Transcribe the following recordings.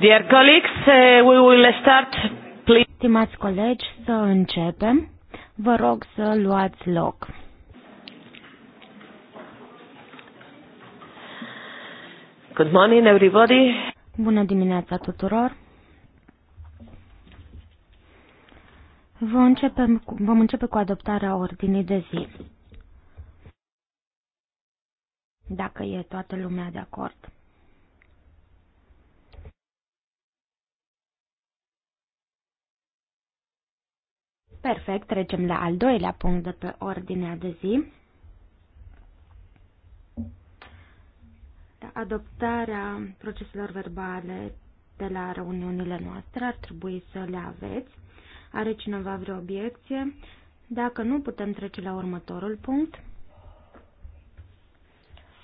Dear colleagues, uh, we will start, please. Stimați colegi, să începem. Vă rog să luați loc. Good morning, everybody. Bună dimineața tuturor. Vom începe, vom începe cu adoptarea ordinii de zi. Dacă e toată lumea de acord. Perfect, trecem la al doilea punct de pe ordinea de zi. Adoptarea proceselor verbale de la reuniunile noastre ar trebui să le aveți. Are cineva vreo obiecție? Dacă nu, putem trece la următorul punct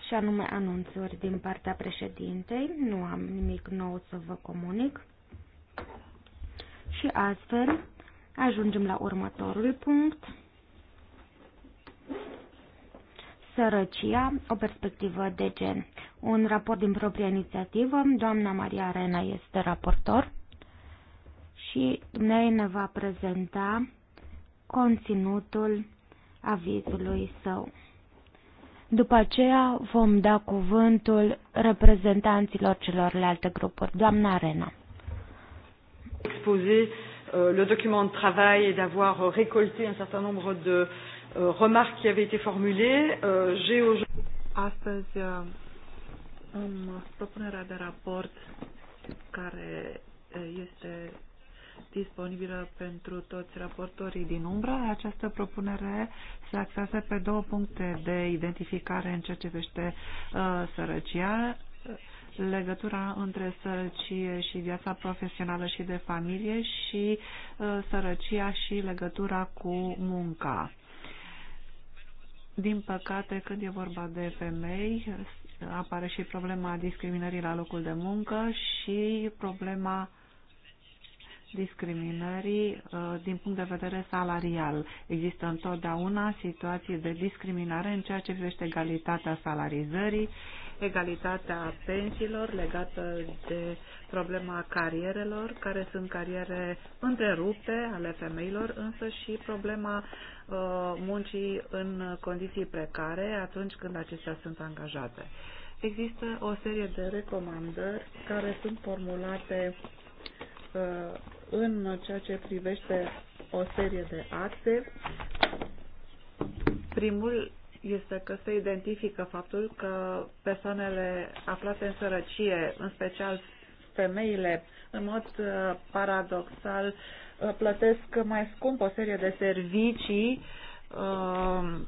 și anume anunțuri din partea președintei. Nu am nimic nou să vă comunic. Și astfel Ajungem la următorul punct. Sărăcia, o perspectivă de gen. Un raport din propria inițiativă, doamna Maria Arena este raportor și dumneavoastră ne va prezenta conținutul avizului său. După aceea vom da cuvântul reprezentanților celorlalte grupuri. Doamna Arena. Expozit Euh, le document de travail et d'avoir euh, récolté un certain nombre de euh, remarques qui avaient été formulées. Euh, J'ai aujourd'hui. Euh, am propunerea de raport care eh, este disponibilă pentru toți raportorii din umbră. Această propunere se axează pe două puncte de identificare în ceea ce privește uh, sărăcia legătura între sărăcie și viața profesională și de familie și uh, sărăcia și legătura cu munca. Din păcate, când e vorba de femei, apare și problema discriminării la locul de muncă și problema discriminării uh, din punct de vedere salarial. Există întotdeauna situații de discriminare în ceea ce privește egalitatea salarizării, egalitatea pensiilor legată de problema carierelor, care sunt cariere întrerupte ale femeilor, însă și problema uh, muncii în condiții precare atunci când acestea sunt angajate. Există o serie de recomandări care sunt formulate uh, în ceea ce privește o serie de acte. Primul este că se identifică faptul că persoanele aflate în sărăcie, în special femeile, în mod uh, paradoxal, uh, plătesc mai scump o serie de servicii um,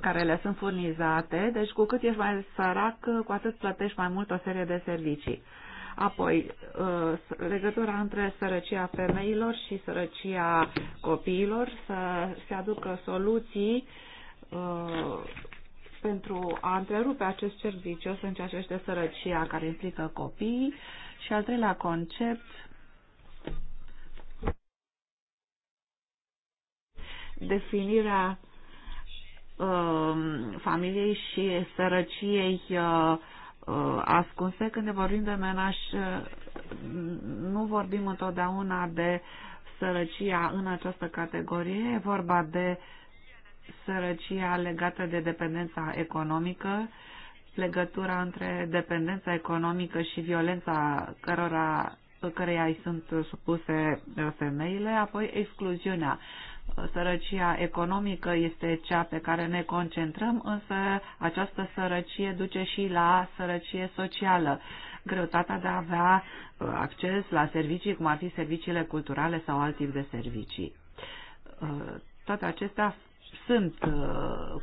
care le sunt furnizate, deci cu cât ești mai sărac, cu atât plătești mai mult o serie de servicii. Apoi, uh, legătura între sărăcia femeilor și sărăcia copiilor, să se aducă soluții uh, Uh, pentru a întrerupe acest cerc vicios în ceea ce este sărăcia care implică copiii și al treilea concept definirea uh, familiei și sărăciei uh, uh, ascunse. Când ne vorbim de menaj, uh, nu vorbim întotdeauna de sărăcia în această categorie, e vorba de uh, sărăcia legată de dependența economică, legătura între dependența economică și violența cărora, căreia îi sunt supuse uh, femeile, apoi excluziunea. Sărăcia economică este cea pe care ne concentrăm, însă această sărăcie duce și la sărăcie socială. Greutatea de a avea uh, acces la servicii, cum ar fi serviciile culturale sau alt tip de servicii. Uh, toate acestea sunt uh,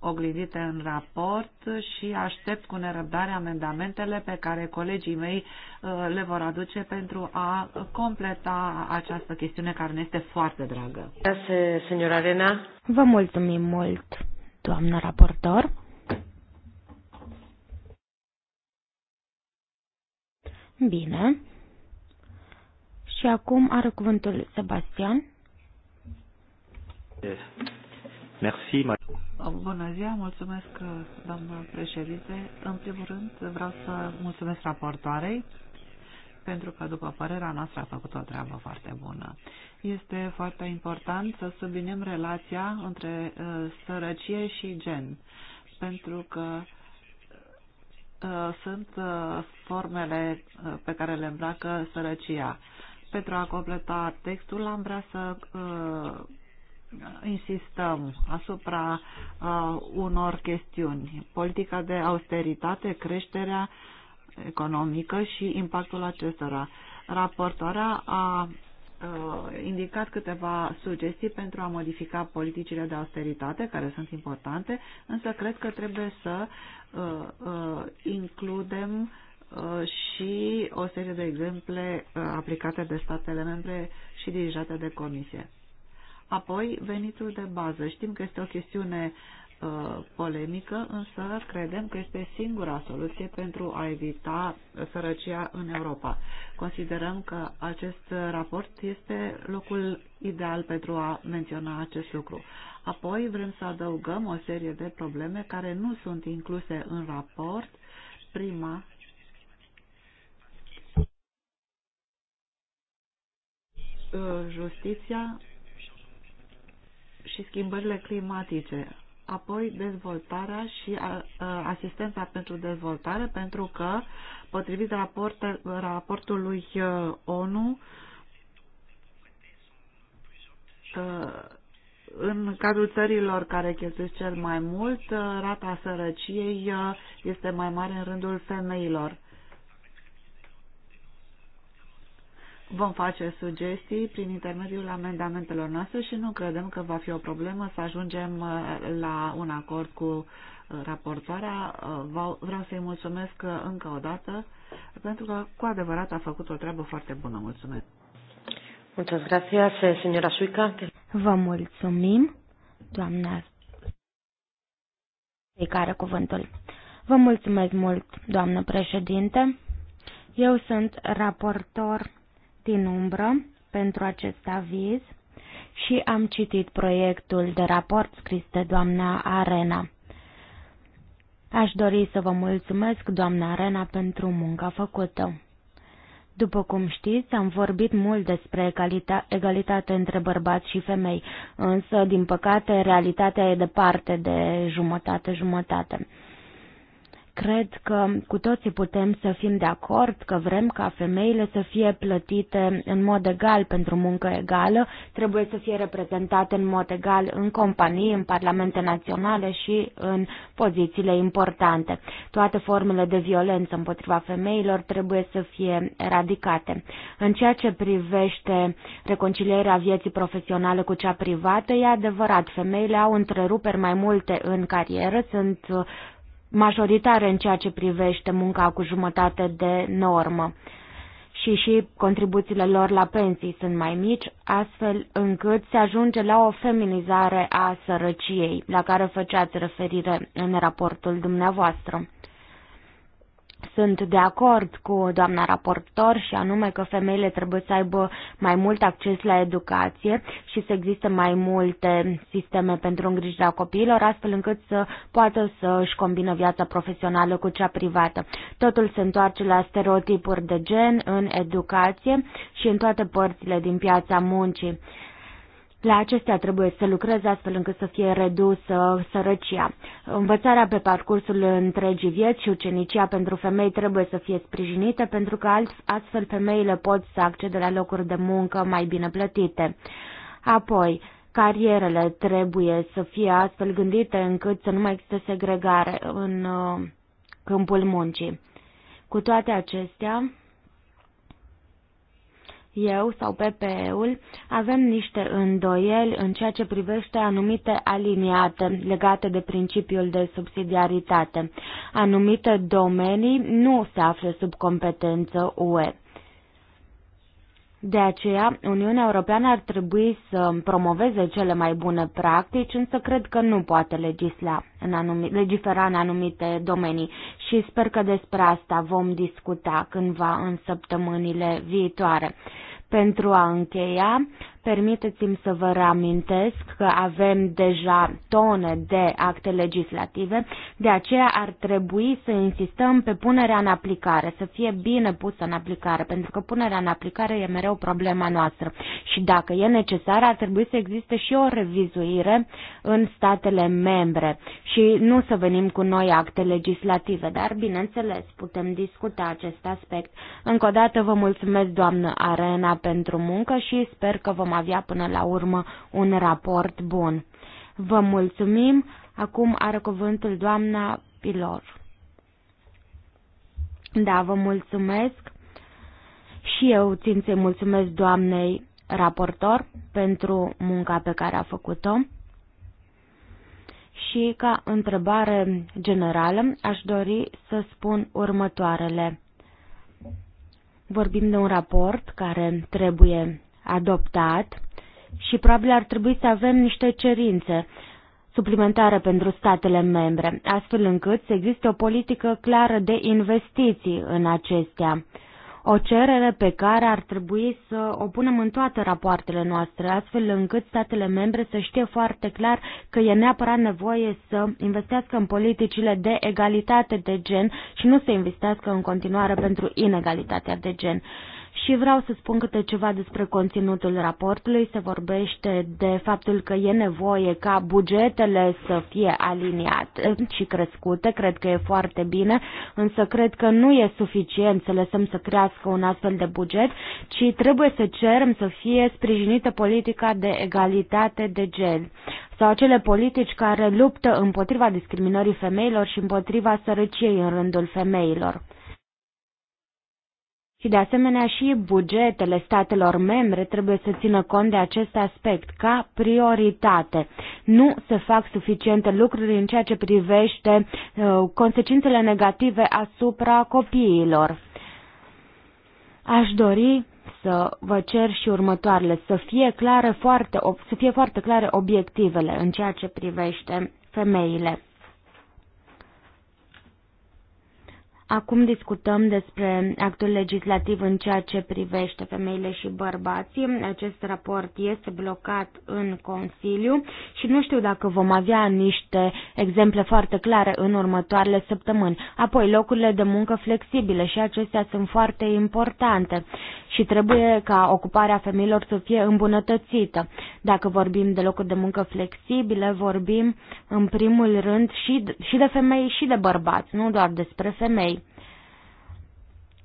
oglindite în raport și aștept cu nerăbdare amendamentele pe care colegii mei uh, le vor aduce pentru a completa această chestiune care ne este foarte dragă. Senora Arena. Vă mulțumim mult, doamnă raportor. Bine. Și acum are cuvântul Sebastian. Eh, Merci. Bună ziua, mulțumesc, doamnă președinte. În primul rând, vreau să mulțumesc raportoarei pentru că, după părerea noastră, a făcut o treabă foarte bună. Este foarte important să subliniem relația între uh, sărăcie și gen, pentru că uh, sunt uh, formele uh, pe care le îmbracă sărăcia. Pentru a completa textul, am vrea să uh, insistăm asupra uh, unor chestiuni. Politica de austeritate, creșterea economică și impactul acestora. Raportoarea a uh, indicat câteva sugestii pentru a modifica politicile de austeritate, care sunt importante, însă cred că trebuie să uh, uh, includem uh, și o serie de exemple uh, aplicate de statele membre și dirijate de comisie. Apoi, venitul de bază. Știm că este o chestiune uh, polemică, însă credem că este singura soluție pentru a evita sărăcia în Europa. Considerăm că acest raport este locul ideal pentru a menționa acest lucru. Apoi vrem să adăugăm o serie de probleme care nu sunt incluse în raport. Prima uh, justiția și schimbările climatice, apoi dezvoltarea și asistența pentru dezvoltare, pentru că, potrivit raport, raportului uh, ONU, uh, în cadrul țărilor care cheltuiesc cel mai mult, uh, rata sărăciei este mai mare în rândul femeilor. Vom face sugestii prin intermediul amendamentelor noastre și nu credem că va fi o problemă să ajungem uh, la un acord cu uh, raportoarea. Uh, vreau să-i mulțumesc încă o dată pentru că cu adevărat a făcut o treabă foarte bună. Mulțumesc! Muchas gracias, eh, señora Suica. Vă mulțumim, doamna cei care cuvântul. Vă mulțumesc mult, doamnă președinte. Eu sunt raportor din umbră pentru acest aviz și am citit proiectul de raport scris de doamna Arena. Aș dori să vă mulțumesc, doamna Arena, pentru munca făcută. După cum știți, am vorbit mult despre egalita- egalitate între bărbați și femei, însă, din păcate, realitatea e departe de jumătate-jumătate. De Cred că cu toții putem să fim de acord că vrem ca femeile să fie plătite în mod egal pentru muncă egală, trebuie să fie reprezentate în mod egal în companii, în parlamente naționale și în pozițiile importante. Toate formele de violență împotriva femeilor trebuie să fie eradicate. În ceea ce privește reconcilierea vieții profesionale cu cea privată, e adevărat, femeile au întreruperi mai multe în carieră, sunt majoritare în ceea ce privește munca cu jumătate de normă și și contribuțiile lor la pensii sunt mai mici, astfel încât se ajunge la o feminizare a sărăciei, la care făceați referire în raportul dumneavoastră. Sunt de acord cu doamna raportor și anume că femeile trebuie să aibă mai mult acces la educație și să existe mai multe sisteme pentru îngrijirea copiilor, astfel încât să poată să își combină viața profesională cu cea privată. Totul se întoarce la stereotipuri de gen în educație și în toate părțile din piața muncii. La acestea trebuie să lucreze astfel încât să fie redusă sărăcia. Învățarea pe parcursul întregii vieți și ucenicia pentru femei trebuie să fie sprijinite pentru că astfel femeile pot să accede la locuri de muncă mai bine plătite. Apoi, carierele trebuie să fie astfel gândite încât să nu mai există segregare în uh, câmpul muncii. Cu toate acestea, eu sau PPE-ul avem niște îndoieli în ceea ce privește anumite aliniate legate de principiul de subsidiaritate. Anumite domenii nu se află sub competență UE. De aceea, Uniunea Europeană ar trebui să promoveze cele mai bune practici, însă cred că nu poate legisla în anumi, legifera în anumite domenii și sper că despre asta vom discuta cândva în săptămânile viitoare. Pentru a încheia, Permiteți-mi să vă reamintesc că avem deja tone de acte legislative, de aceea ar trebui să insistăm pe punerea în aplicare, să fie bine pusă în aplicare, pentru că punerea în aplicare e mereu problema noastră. Și dacă e necesar, ar trebui să existe și o revizuire în statele membre și nu să venim cu noi acte legislative, dar bineînțeles putem discuta acest aspect. Încă o dată vă mulțumesc, doamnă Arena, pentru muncă și sper că vom avea până la urmă un raport bun. Vă mulțumim. Acum are cuvântul doamna Pilor. Da, vă mulțumesc. Și eu țin să-i mulțumesc doamnei raportor pentru munca pe care a făcut-o. Și ca întrebare generală aș dori să spun următoarele. Vorbim de un raport care trebuie adoptat și probabil ar trebui să avem niște cerințe suplimentare pentru statele membre, astfel încât să existe o politică clară de investiții în acestea. O cerere pe care ar trebui să o punem în toate rapoartele noastre, astfel încât statele membre să știe foarte clar că e neapărat nevoie să investească în politicile de egalitate de gen și nu să investească în continuare pentru inegalitatea de gen și vreau să spun câte ceva despre conținutul raportului. Se vorbește de faptul că e nevoie ca bugetele să fie aliniate și crescute. Cred că e foarte bine, însă cred că nu e suficient să lăsăm să crească un astfel de buget, ci trebuie să cerem să fie sprijinită politica de egalitate de gen sau acele politici care luptă împotriva discriminării femeilor și împotriva sărăciei în rândul femeilor. Și de asemenea și bugetele statelor membre trebuie să țină cont de acest aspect ca prioritate. Nu se fac suficiente lucruri în ceea ce privește uh, consecințele negative asupra copiilor. Aș dori să vă cer și următoarele, să fie, clare foarte, să fie foarte clare obiectivele în ceea ce privește femeile. Acum discutăm despre actul legislativ în ceea ce privește femeile și bărbații. Acest raport este blocat în Consiliu și nu știu dacă vom avea niște exemple foarte clare în următoarele săptămâni. Apoi, locurile de muncă flexibile și acestea sunt foarte importante și trebuie ca ocuparea femeilor să fie îmbunătățită. Dacă vorbim de locuri de muncă flexibile, vorbim în primul rând și de, femei și de bărbați, nu doar despre femei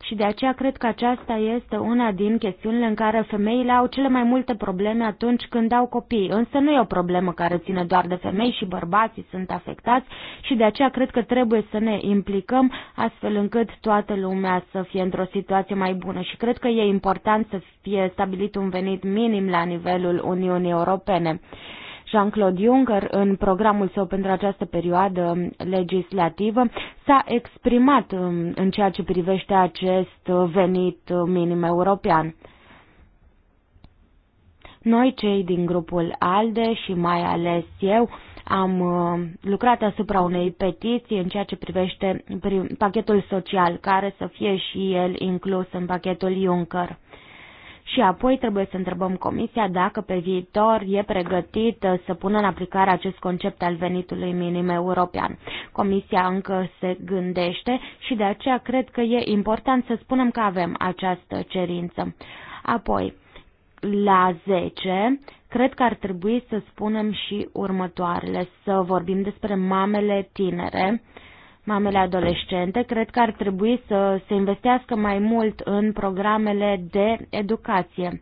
și de aceea cred că aceasta este una din chestiunile în care femeile au cele mai multe probleme atunci când au copii. Însă nu e o problemă care ține doar de femei și bărbații sunt afectați și de aceea cred că trebuie să ne implicăm astfel încât toată lumea să fie într-o situație mai bună. Și cred că e important să fie stabilit un venit minim la nivelul Uniunii Europene. Jean-Claude Juncker, în programul său pentru această perioadă legislativă, s-a exprimat um, în ceea ce privește acest venit minim european. Noi, cei din grupul ALDE și mai ales eu, am uh, lucrat asupra unei petiții în ceea ce privește pachetul social, care să fie și el inclus în pachetul Juncker și apoi trebuie să întrebăm Comisia dacă pe viitor e pregătită uh, să pună în aplicare acest concept al venitului minim european. Comisia încă se gândește și de aceea cred că e important să spunem că avem această cerință. Apoi, la 10, cred că ar trebui să spunem și următoarele, să vorbim despre mamele tinere. Uh, mamele adolescente, cred că ar trebui să se investească mai mult în programele de educație.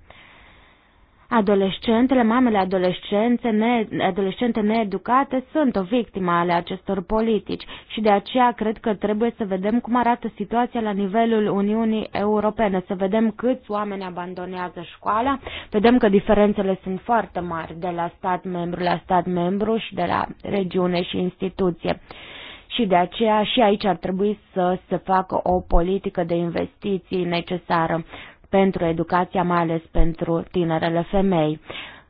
Adolescentele, mamele adolescente, ne, adolescente needucate sunt o victimă ale acestor politici și de aceea cred că trebuie să vedem cum arată situația la nivelul Uniunii Europene, să vedem câți oameni abandonează școala, vedem că diferențele sunt foarte mari de la stat membru la stat membru și de la regiune și instituție și de aceea și aici ar trebui să se facă o politică de investiții necesară pentru educația, mai ales pentru tinerele femei.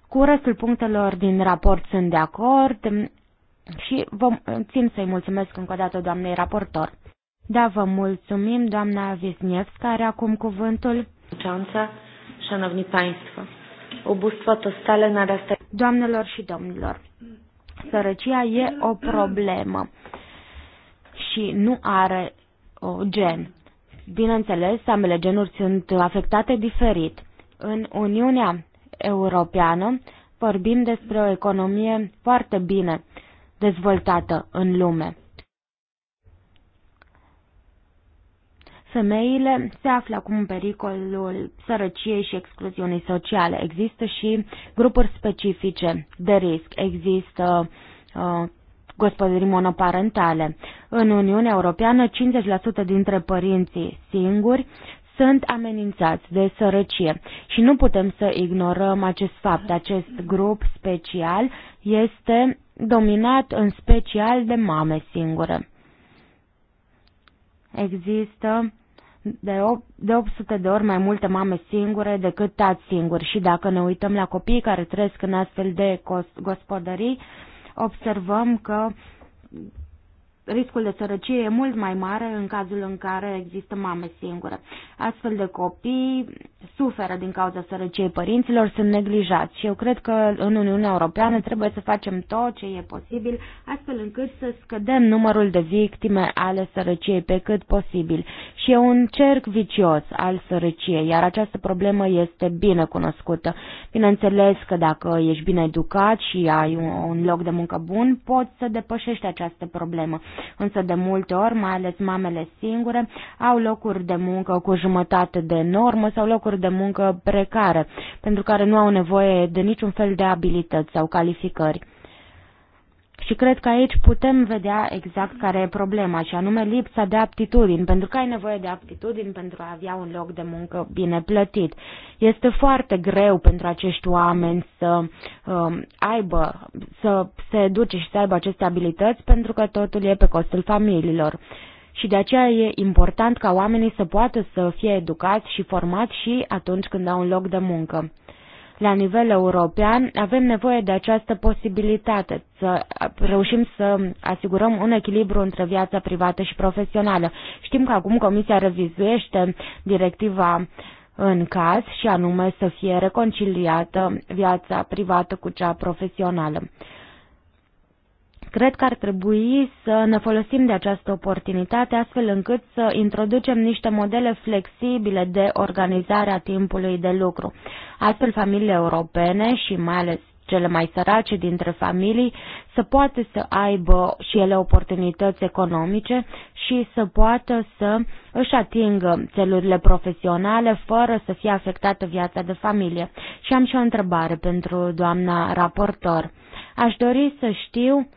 Cu restul punctelor din raport sunt de acord și vă țin să-i mulțumesc încă o dată doamnei raportor. Da, vă mulțumim, doamna Wisniewska are acum cuvântul. Doamnelor și domnilor, sărăcia e o problemă și nu are o gen. Bineînțeles, ambele genuri sunt afectate diferit. În Uniunea Europeană vorbim despre o economie foarte bine dezvoltată în lume. Femeile se află acum în pericolul sărăciei și excluziunii sociale. Există și grupuri specifice de risc. Există uh, gospodării monoparentale. În Uniunea Europeană, 50% dintre părinții singuri sunt amenințați de sărăcie și nu putem să ignorăm acest fapt. Acest grup special este dominat în special de mame singure. Există de, 8, de 800 de ori mai multe mame singure decât tați singuri și dacă ne uităm la copiii care trăiesc în astfel de gospodării, observăm că riscul de sărăcie e mult mai mare în cazul în care există mame singure. Astfel de copii suferă din cauza sărăciei părinților, sunt neglijați și eu cred că în Uniunea Europeană trebuie să facem tot ce e posibil astfel încât să scădem numărul de victime ale sărăciei pe cât posibil. Și e un cerc vicios al sărăciei, iar această problemă este bine cunoscută. Bineînțeles că dacă ești bine educat și ai un loc de muncă bun, poți să depășești această problemă însă de multe ori, mai ales mamele singure, au locuri de muncă cu jumătate de normă sau locuri de muncă precare, pentru care nu au nevoie de niciun fel de abilități sau calificări. Și cred că aici putem vedea exact care e problema, și anume lipsa de aptitudini, pentru că ai nevoie de aptitudini pentru a avea un loc de muncă bine plătit. Este foarte greu pentru acești oameni să um, aibă, să se educe și să aibă aceste abilități, pentru că totul e pe costul familiilor și de aceea e important ca oamenii să poată să fie educați și formați și atunci când au un loc de muncă la nivel european, avem nevoie de această posibilitate să reușim să asigurăm un echilibru între viața privată și profesională. Știm că acum Comisia revizuiește directiva în caz și anume să fie reconciliată viața privată cu cea profesională. Cred că ar trebui să ne folosim de această oportunitate astfel încât să introducem niște modele flexibile de organizare a timpului de lucru. Astfel, familiile europene și mai ales cele mai sărace dintre familii să poată să aibă și ele oportunități economice și să poată să își atingă țelurile profesionale fără să fie afectată viața de familie. Și am și o întrebare pentru doamna raportor. Aș dori să știu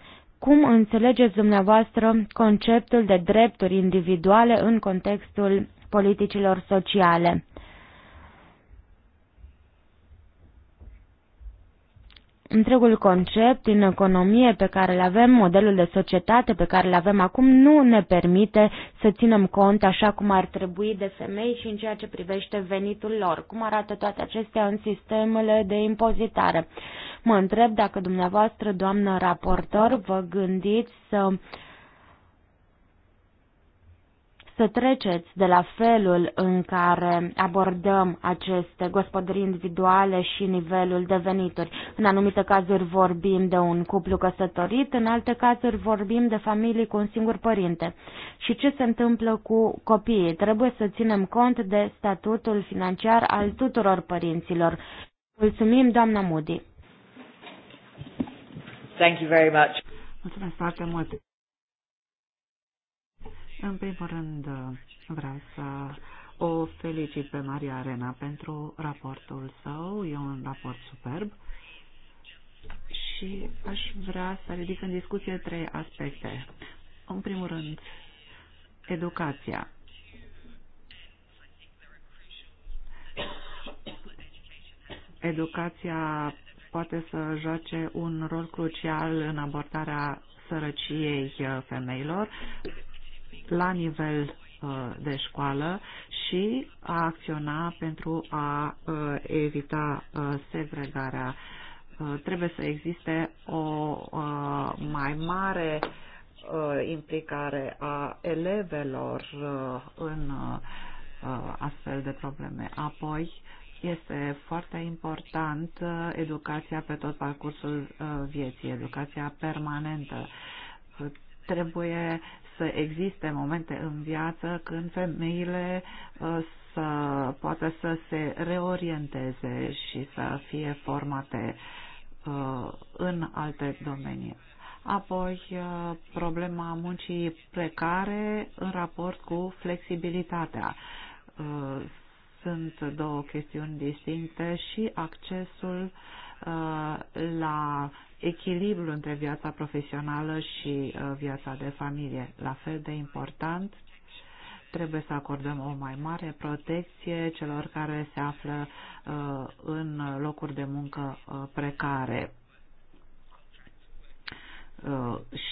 cum înțelegeți dumneavoastră conceptul de drepturi individuale în contextul politicilor sociale? întregul concept în economie pe care îl avem, modelul de societate pe care îl avem acum, nu ne permite să ținem cont așa cum ar trebui de femei și în ceea ce privește venitul lor. Cum arată toate acestea în sistemele de impozitare? Mă întreb dacă dumneavoastră, doamnă raportor, vă gândiți să să treceți de la felul în care abordăm aceste gospodării individuale și nivelul de venituri. În anumite cazuri vorbim de un cuplu căsătorit, în alte cazuri vorbim de familii cu un singur părinte. Și ce se întâmplă cu copiii? Trebuie să ținem cont de statutul financiar al tuturor părinților. Mulțumim, doamna Moody. Thank you very much. Mulțumesc foarte mult. În primul rând, vreau să o felicit pe Maria Arena pentru raportul său. E un raport superb și aș vrea să ridic în discuție trei aspecte. În primul rând, educația. Educația poate să joace un rol crucial în abordarea sărăciei uh, femeilor la nivel uh, de școală și a acționa pentru a uh, evita segregarea. Trebuie să existe o mai mare implicare a elevelor în astfel de probleme. Apoi, este foarte important uh, educația pe tot parcursul uh, vieții, educația permanentă. Trebuie să existe momente în viață când femeile uh, să poată să se reorienteze și să fie formate în alte domenii. Apoi, problema muncii precare în raport cu flexibilitatea sunt două chestiuni distincte și accesul uh, la echilibru între viața profesională și uh, viața de familie. La fel de important, trebuie să acordăm o mai mare protecție celor care se află uh, în locuri de muncă precare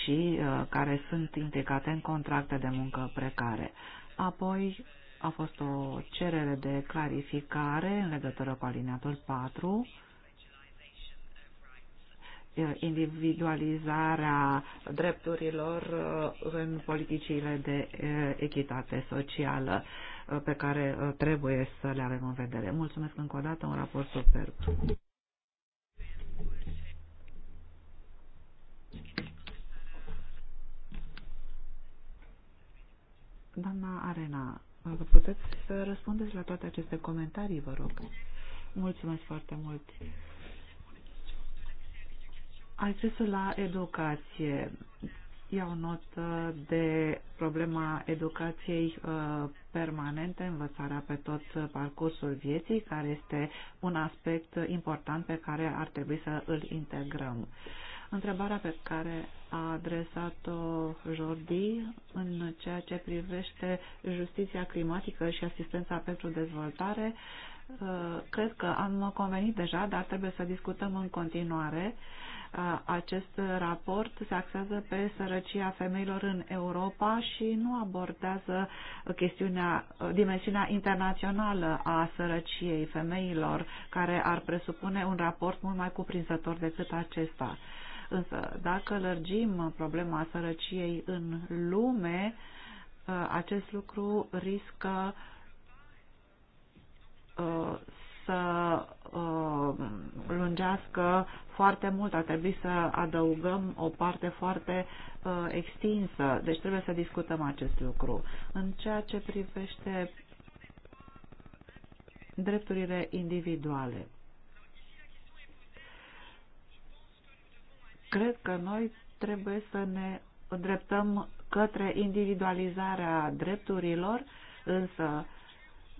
și care sunt implicate în contracte de muncă precare. Apoi, a fost o cerere de clarificare în legătură cu alineatul 4, individualizarea drepturilor uh, în politicile de uh, echitate socială uh, pe care trebuie să le avem în vedere. Mulțumesc încă o dată, un raport superb. Doamna Arena, dacă puteți să răspundeți la toate aceste comentarii, vă rog. Mulțumesc foarte mult. Accesul la educație. Iau notă de problema educației uh, permanente, învățarea pe tot parcursul vieții, care este un aspect important pe care ar trebui să îl integrăm. Uh, Întrebarea pe care a adresat-o Jordi în ceea ce privește justiția climatică și asistența pentru dezvoltare, uh, cred că am convenit deja, dar trebuie să discutăm în continuare. Uh, acest raport se axează pe sărăcia femeilor în Europa și nu abordează chestiunea, uh, dimensiunea internațională a sărăciei femeilor, care ar presupune un raport mult mai cuprinzător decât acesta Însă, dacă lărgim problema sărăciei în lume, ă, acest lucru riscă ă, să ă, lungească foarte mult. Ar trebui să adăugăm o parte foarte extinsă. Deci trebuie să discutăm acest lucru. În ceea ce privește drepturile individuale. Cred că noi trebuie să ne îndreptăm către individualizarea drepturilor, însă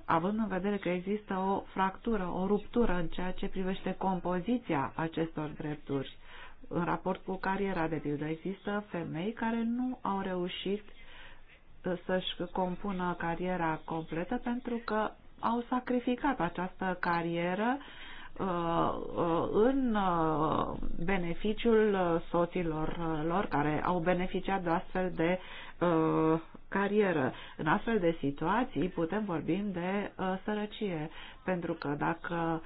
având în vedere că există o fractură, o ruptură în ceea ce privește compoziția acestor drepturi, în raport cu cariera, de pildă, există femei care nu au reușit uh, să-și compună cariera completă pentru că au sacrificat această carieră Uh, în uh, beneficiul uh, soților lor care au beneficiat de astfel de carieră. În astfel de situații putem vorbi de sărăcie, pentru că dacă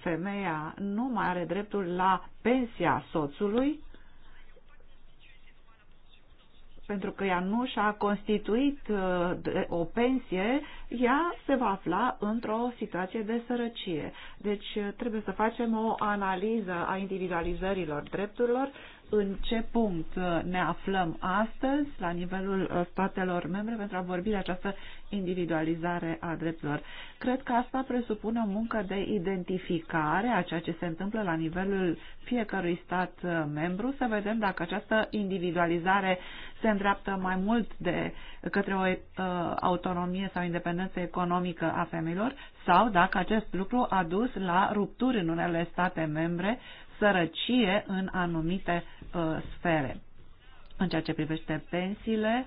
femeia nu mai are dreptul la pensia soțului, pentru că ea nu și-a constituit uh, o pensie, ea se va afla într-o situație de sărăcie. Deci uh, trebuie să facem o analiză a individualizărilor drepturilor în ce punct uh, ne aflăm astăzi la nivelul uh, statelor membre pentru a vorbi de această individualizare a drepturilor. Cred că asta presupune o muncă de identificare a ceea ce se întâmplă la nivelul fiecărui stat uh, membru, să vedem dacă această individualizare se îndreaptă mai mult de către o autonomie sau independență economică a femeilor sau dacă acest lucru a dus la rupturi în unele state membre sărăcie în anumite uh, sfere. În ceea ce privește pensiile,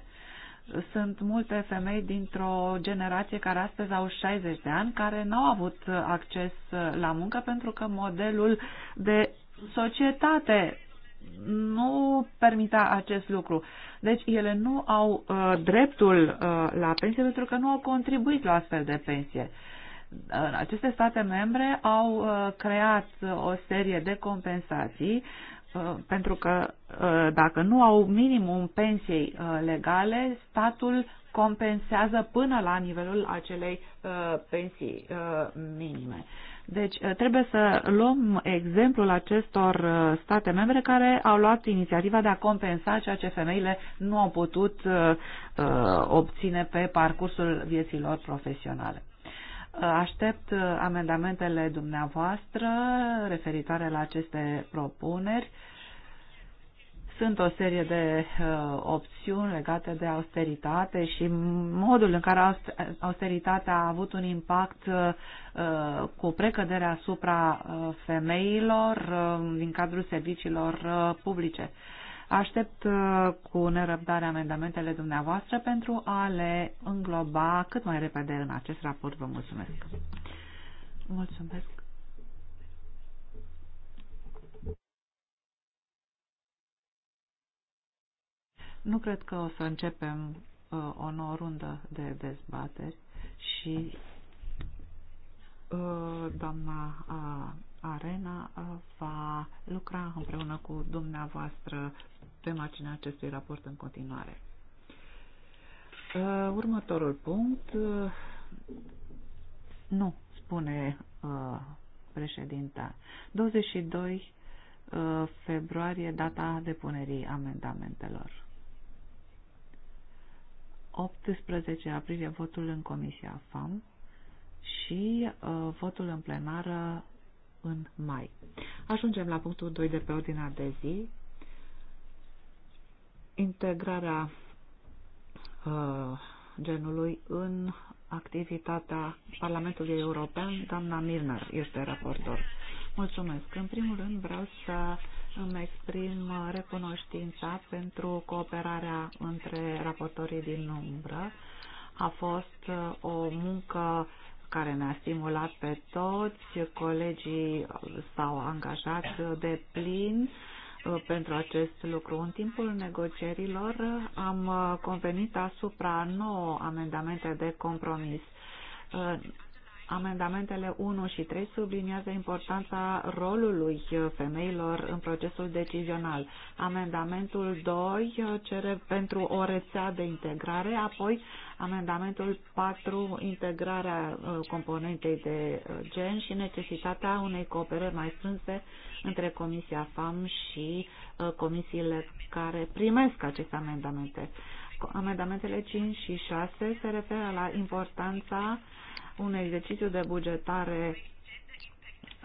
sunt multe femei dintr-o generație care astăzi au 60 de ani care n-au avut uh, acces uh, la muncă pentru că modelul de societate nu permita acest lucru. Deci ele nu au uh, dreptul uh, la pensie pentru că nu au contribuit la astfel de pensie. Aceste state membre au uh, creat o serie de compensații uh, pentru că uh, dacă nu au minimum pensiei legale, statul compensează până la nivelul acelei pensii minime. Deci trebuie să luăm exemplul acestor state membre care au luat inițiativa de a compensa ceea ce femeile nu au putut obține pe parcursul vieților profesionale. Aștept uh, amendamentele dumneavoastră referitoare la aceste propuneri. Sunt o serie de uh, opțiuni legate de austeritate și modul în care austeritatea a avut un impact uh, cu precădere asupra uh, femeilor uh, din cadrul serviciilor uh, publice. Uh, Aștept uh, cu nerăbdare amendamentele dumneavoastră pentru a le îngloba cât mai repede în acest raport. Vă mulțumesc! Mulțumesc! Nu cred că o să începem uh, o nouă rundă de dezbateri și uh, doamna uh, Arena uh, va lucra împreună cu dumneavoastră pe marginea acestui raport în continuare. Uh, următorul punct. Uh, nu, spune președinta. 22 februarie, data depunerii amendamentelor. 18 aprilie votul în Comisia FAM și uh, votul în plenară în mai. Ajungem la punctul 2 de pe ordinea de zi. Integrarea uh, genului în activitatea Parlamentului European. Doamna Mirna este raportor. Mulțumesc. În primul rând vreau să îmi exprim recunoștința pentru cooperarea între raportorii din umbră. A fost uh, o muncă care ne-a stimulat pe toți. Colegii s-au angajat de plin uh, pentru acest lucru. În timpul negocierilor am uh, convenit asupra nouă amendamente de compromis. Uh, Amendamentele 1 și 3 subliniază importanța rolului femeilor în procesul decizional. Amendamentul 2 cere pentru o rețea de integrare, apoi amendamentul 4 integrarea uh, componentei de uh, gen și necesitatea unei cooperări mai strânse între Comisia FAM și uh, comisiile care primesc aceste amendamente. Amendamentele 5 și 6 se referă la importanța un exercițiu de bugetare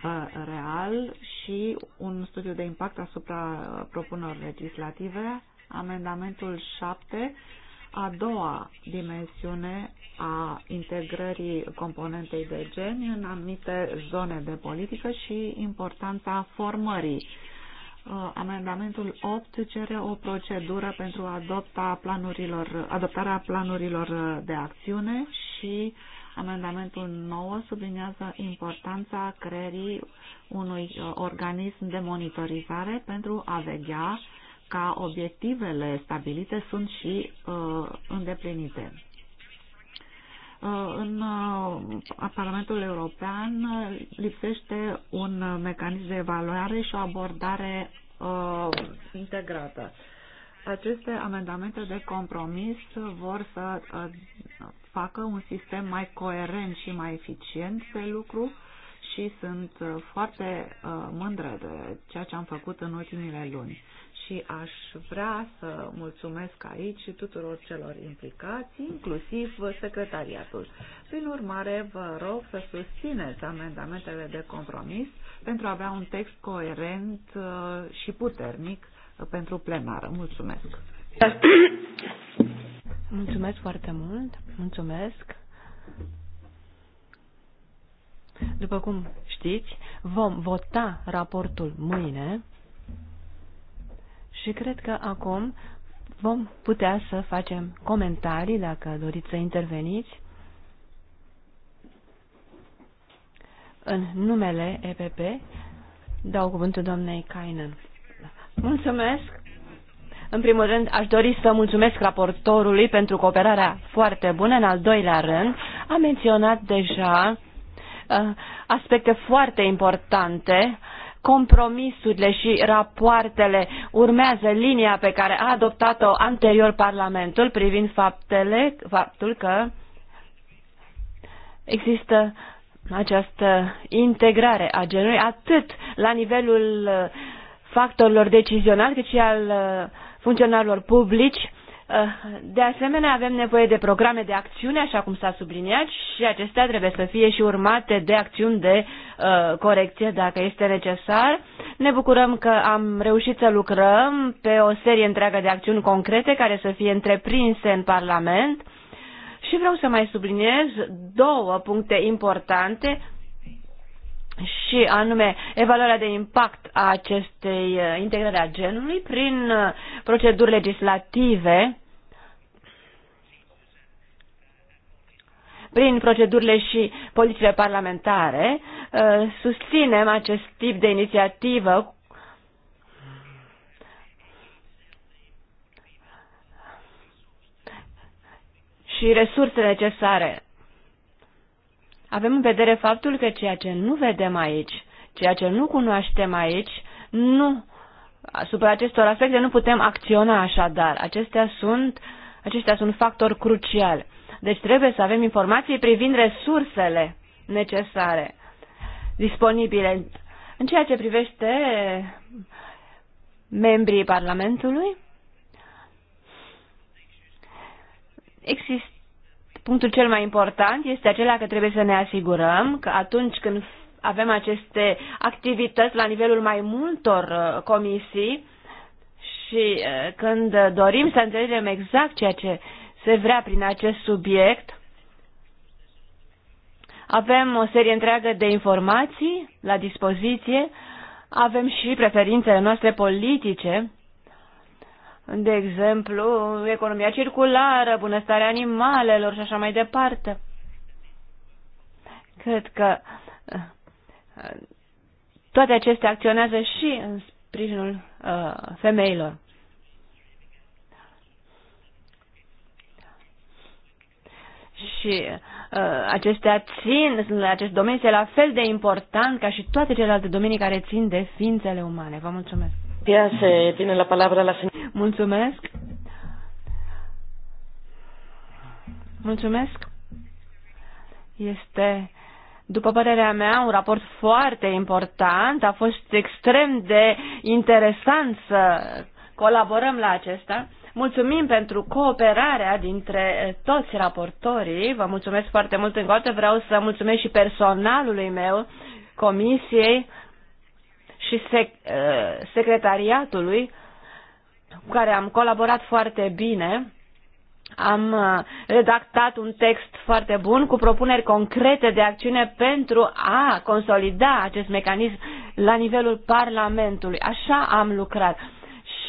uh, real și un studiu de impact asupra propunerilor legislative. Amendamentul 7, a doua dimensiune a integrării componentei de gen în anumite zone de politică și importanța formării. Uh, amendamentul 8 cere o procedură pentru adopta planurilor, adoptarea planurilor de acțiune și uh, Amendamentul 9 subliniază importanța creării unui uh, organism de monitorizare pentru a vedea ca obiectivele stabilite sunt și uh, îndeplinite. Uh, în uh, Parlamentul European lipsește un mecanism de evaluare și o abordare integrată. Aceste amendamente de compromis vor să uh, facă un sistem mai coerent și mai eficient de lucru și sunt uh, foarte uh, mândră de ceea ce am făcut în ultimile luni. Și aș vrea să mulțumesc aici tuturor celor implicați, inclusiv secretariatul. Prin urmare, vă rog să susțineți amendamentele de compromis pentru a avea un text coerent și puternic pentru plenară. Mulțumesc! Mulțumesc foarte mult! Mulțumesc! După cum știți, vom vota raportul mâine și cred că acum vom putea să facem comentarii dacă doriți să interveniți. În numele EPP dau cuvântul doamnei Kainan. Mulțumesc. În primul rând, aș dori să mulțumesc raportorului pentru cooperarea foarte bună. În al doilea rând, a menționat deja uh, aspecte foarte importante compromisurile și rapoartele urmează linia pe care a adoptat-o anterior Parlamentul privind faptele, faptul că există această integrare a genului atât la nivelul uh, factorilor decizionali, cât și al uh, funcționarilor publici. Uh, de asemenea, avem nevoie de programe de acțiune, așa cum s-a subliniat, și acestea trebuie să fie și urmate de acțiuni de uh, corecție, dacă este necesar. Ne bucurăm că am reușit să lucrăm pe o serie întreagă de acțiuni concrete care să fie întreprinse în Parlament. Și vreau să mai subliniez două puncte importante și anume evaluarea de impact a acestei uh, integrări a genului prin uh, proceduri legislative, prin procedurile și politicile parlamentare, uh, susținem acest tip de inițiativă și resursele necesare avem în vedere faptul că ceea ce nu vedem aici, ceea ce nu cunoaștem aici, nu asupra acestor aspecte nu putem acționa așadar. Acestea sunt, acestea sunt factori cruciali. Deci trebuie să avem informații privind resursele necesare, disponibile. În ceea ce privește membrii Parlamentului, există Punctul cel mai important este acela că trebuie să ne asigurăm că atunci când avem aceste activități la nivelul mai multor uh, comisii și uh, când dorim să înțelegem exact ceea ce se vrea prin acest subiect, avem o serie întreagă de informații la dispoziție, avem și preferințele noastre politice de exemplu, economia circulară, bunăstarea animalelor și așa mai departe. Cred că uh, toate acestea acționează și în sprijinul uh, femeilor. Și uh, acestea țin, acest domeniu este la fel de important ca și toate celelalte domenii care țin de ființele umane. Vă mulțumesc! Mulțumesc. Mulțumesc. Este, după părerea mea, un raport foarte important. A fost extrem de interesant să colaborăm la acesta. Mulțumim pentru cooperarea dintre toți raportorii. Vă mulțumesc foarte mult încă o dată. Vreau să mulțumesc și personalului meu, comisiei, și sec- uh, secretariatului cu care am colaborat foarte bine. Am uh, redactat un text foarte bun cu propuneri concrete de acțiune pentru a consolida acest mecanism la nivelul Parlamentului. Așa am lucrat.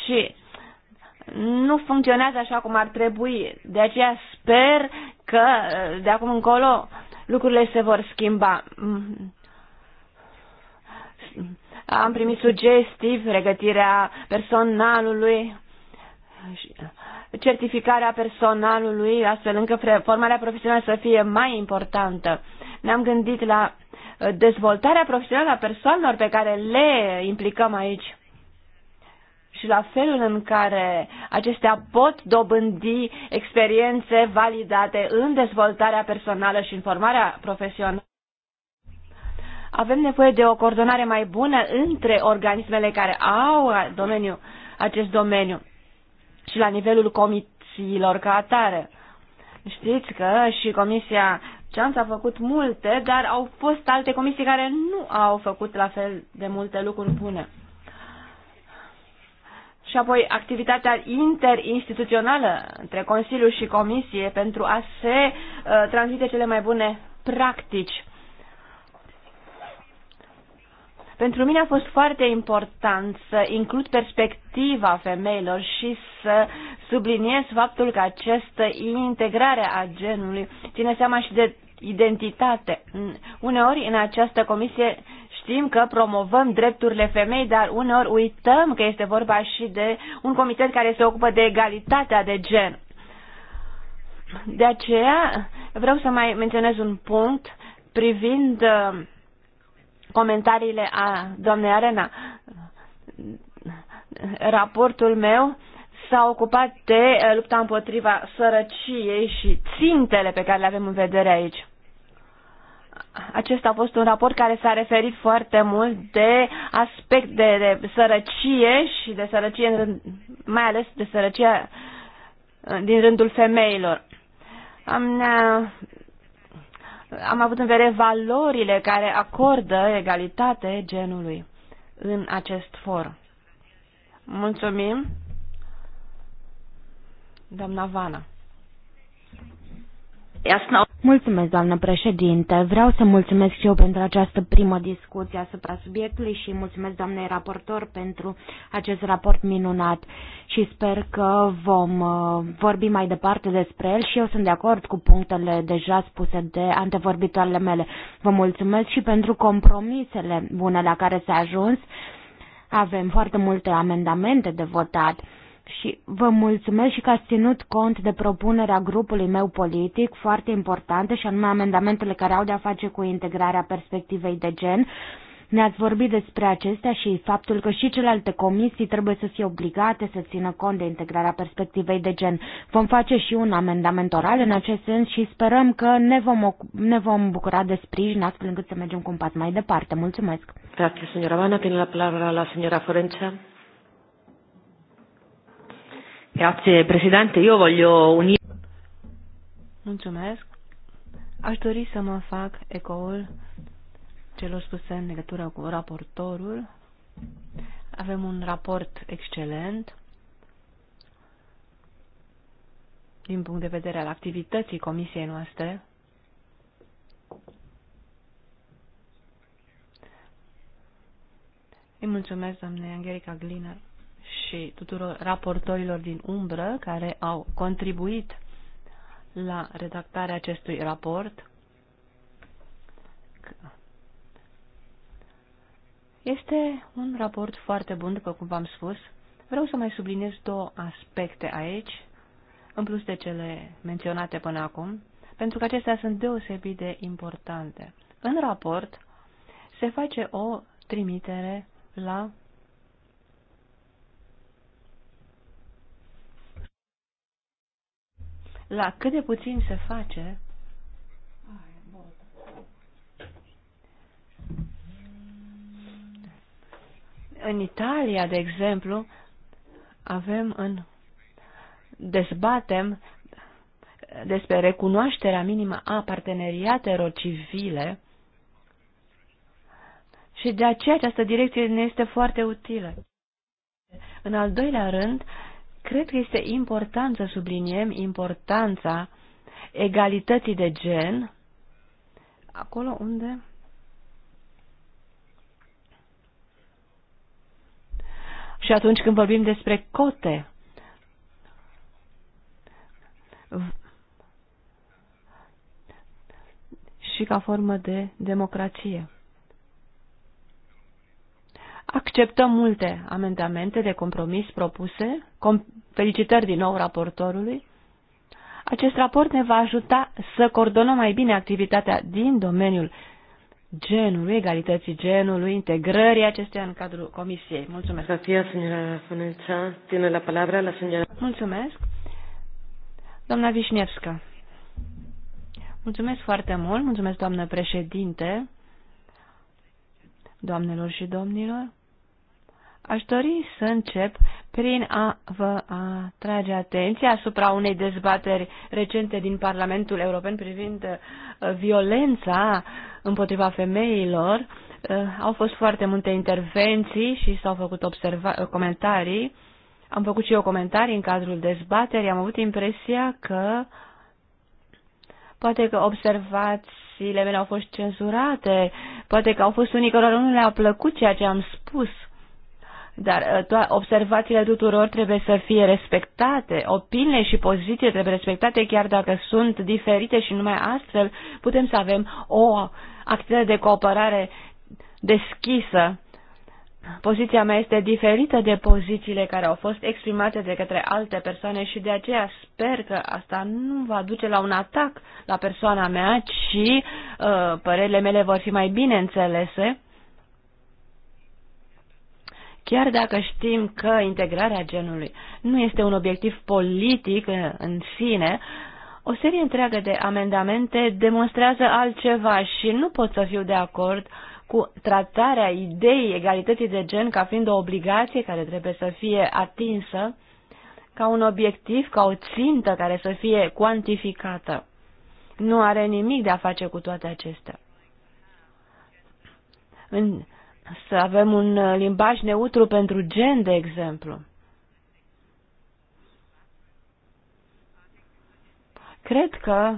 Și nu funcționează așa cum ar trebui. De aceea sper că uh, de acum încolo lucrurile se vor schimba. Mm. Am primit sugestii, pregătirea personalului, certificarea personalului, astfel încât formarea profesională să fie mai importantă. Ne-am gândit la uh, dezvoltarea profesională a persoanelor pe care le implicăm aici și la felul în care acestea pot dobândi experiențe validate în dezvoltarea personală și în formarea profesională. Avem nevoie de o coordonare mai bună între organismele care au domeniu, acest domeniu și la nivelul comisiilor ca atare. Știți că și Comisia Ceanț a făcut multe, dar au fost alte comisii care nu au făcut la fel de multe lucruri bune. Și apoi activitatea interinstituțională între Consiliu și Comisie pentru a se uh, transmite cele mai bune practici. Pentru mine a fost foarte important să includ perspectiva femeilor și să subliniez faptul că această integrare a genului ține seama și de identitate. Uneori în această comisie știm că promovăm drepturile femei, dar uneori uităm că este vorba și de un comitet care se ocupă de egalitatea de gen. De aceea vreau să mai menționez un punct privind uh, comentariile a doamnei Arena. Raportul meu s-a ocupat de eh, lupta împotriva sărăciei și țintele pe care le avem în vedere aici. Acesta a fost un raport care s-a referit foarte mult de aspect de, de sărăcie și de sărăcie, mai ales de sărăcie eh, din rândul femeilor. Am eh, am avut în vedere valorile care acordă egalitate genului în acest for. Mulțumim, doamna Vana. Mulțumesc, doamnă președinte. Vreau să mulțumesc și eu pentru această primă discuție asupra subiectului și mulțumesc doamnei raportor pentru acest raport minunat și sper că vom uh, vorbi mai departe despre el și eu sunt de acord cu punctele deja spuse de antevorbitoarele mele. Vă mulțumesc și pentru compromisele bune la care s-a ajuns. Avem foarte multe amendamente de votat și vă mulțumesc și că ați ținut cont de propunerea grupului meu politic, foarte importantă, și anume amendamentele care au de-a face cu integrarea perspectivei de gen. Ne-ați vorbit despre acestea și faptul că și celelalte comisii trebuie să fie obligate să țină cont de integrarea perspectivei de gen. Vom face și un amendament oral în acest sens și sperăm că ne vom, ne vom bucura de sprijin astfel încât să mergem cu un pas mai departe. Mulțumesc! Grazie, signora Vana. Prin la palabra la signora Grazie Presidente, voglio unire... Mulțumesc. Aș dori să mă fac ecoul celor spuse în legătură cu raportorul. Avem un raport excelent din punct de vedere al activității comisiei noastre. Îi mulțumesc, doamne Angelica Gliner și tuturor raportorilor din umbră care au contribuit la redactarea acestui raport. Este un raport foarte bun, după cum v-am spus. Vreau să mai subliniez două aspecte aici, în plus de cele menționate până acum, pentru că acestea sunt deosebit de importante. În raport se face o trimitere la la cât de puțin se face, în Italia, de exemplu, avem în dezbatem despre recunoașterea minimă a parteneriatelor civile și de aceea această direcție ne este foarte utilă. În al doilea rând, Cred că este important să subliniem importanța egalității de gen acolo unde și atunci când vorbim despre cote și ca formă de democrație. Acceptăm multe amendamente de compromis propuse, com Felicitări din nou raportorului. Acest raport ne va ajuta să coordonăm mai bine activitatea din domeniul genului, egalității genului, integrării acesteia în cadrul comisiei. Mulțumesc. Mulțumesc. Doamna Vișnevscă. Mulțumesc foarte mult, mulțumesc doamnă președinte, doamnelor și domnilor. Aș dori să încep prin a vă atrage atenția asupra unei dezbateri recente din Parlamentul European privind uh, violența împotriva femeilor. Uh, au fost foarte multe intervenții și s-au făcut observa- uh, comentarii. Am făcut și eu comentarii în cadrul dezbaterii. Am avut impresia că poate că observațiile mele au fost cenzurate, poate că au fost unii care nu le-a plăcut ceea ce am spus dar uh, observațiile tuturor trebuie să fie respectate, opiniile și pozițiile trebuie respectate chiar dacă sunt diferite și numai astfel putem să avem o acțiune de cooperare deschisă. Poziția mea este diferită de pozițiile care au fost exprimate de către alte persoane și de aceea sper că asta nu va duce la un atac la persoana mea, ci uh, părerile mele vor fi mai bine înțelese Chiar dacă știm că integrarea genului nu este un obiectiv politic în sine, o serie întreagă de amendamente demonstrează altceva și nu pot să fiu de acord cu tratarea ideii egalității de gen ca fiind o obligație care trebuie să fie atinsă, ca un obiectiv, ca o țintă care să fie cuantificată. Nu are nimic de a face cu toate acestea. În să avem un uh, limbaj neutru pentru gen, de exemplu. Cred că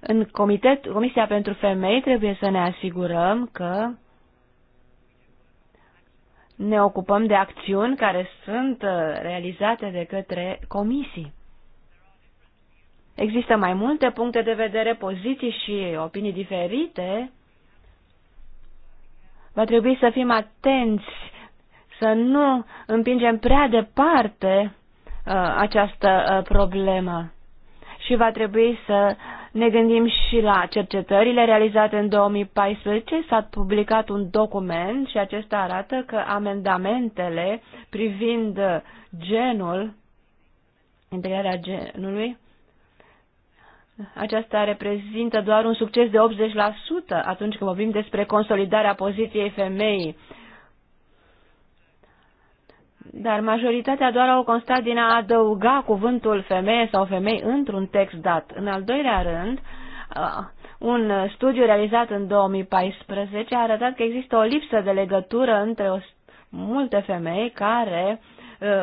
în comitet, Comisia pentru Femei trebuie să ne asigurăm că ne ocupăm de acțiuni care sunt uh, realizate de către comisii. Există mai multe puncte de vedere, poziții și opinii diferite va trebui să fim atenți să nu împingem prea departe uh, această uh, problemă. Și va trebui să ne gândim și la cercetările realizate în 2014. S-a publicat un document și acesta arată că amendamentele privind genul, integrarea genului, aceasta reprezintă doar un succes de 80% atunci când vorbim despre consolidarea poziției femeii. Dar majoritatea doar au constat din a adăuga cuvântul femeie sau femei într-un text dat. În al doilea rând, un studiu realizat în 2014 a arătat că există o lipsă de legătură între o, multe femei care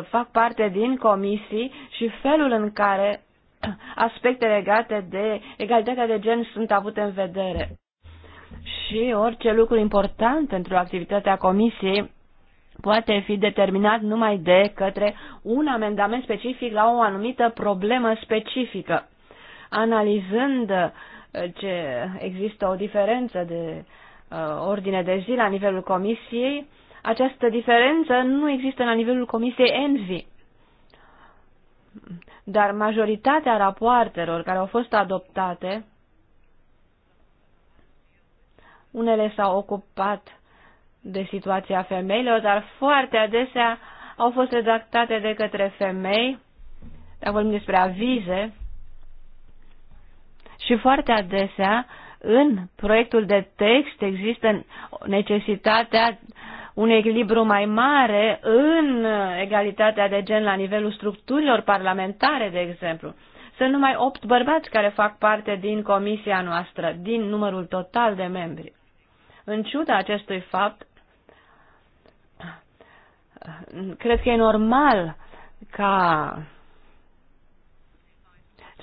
fac parte din comisii și felul în care aspecte legate de egalitatea de gen sunt avute în vedere. Și orice lucru important pentru activitatea comisiei poate fi determinat numai de către un amendament specific la o anumită problemă specifică. Analizând uh, ce există o diferență de uh, ordine de zi la nivelul comisiei, această diferență nu există la nivelul comisiei ENVI dar majoritatea rapoartelor care au fost adoptate, unele s-au ocupat de situația femeilor, dar foarte adesea au fost redactate de către femei, dacă vorbim despre avize, și foarte adesea în proiectul de text există necesitatea un echilibru mai mare în egalitatea de gen la nivelul structurilor parlamentare, de exemplu. Sunt numai opt bărbați care fac parte din comisia noastră, din numărul total de membri. În ciuda acestui fapt, cred că e normal ca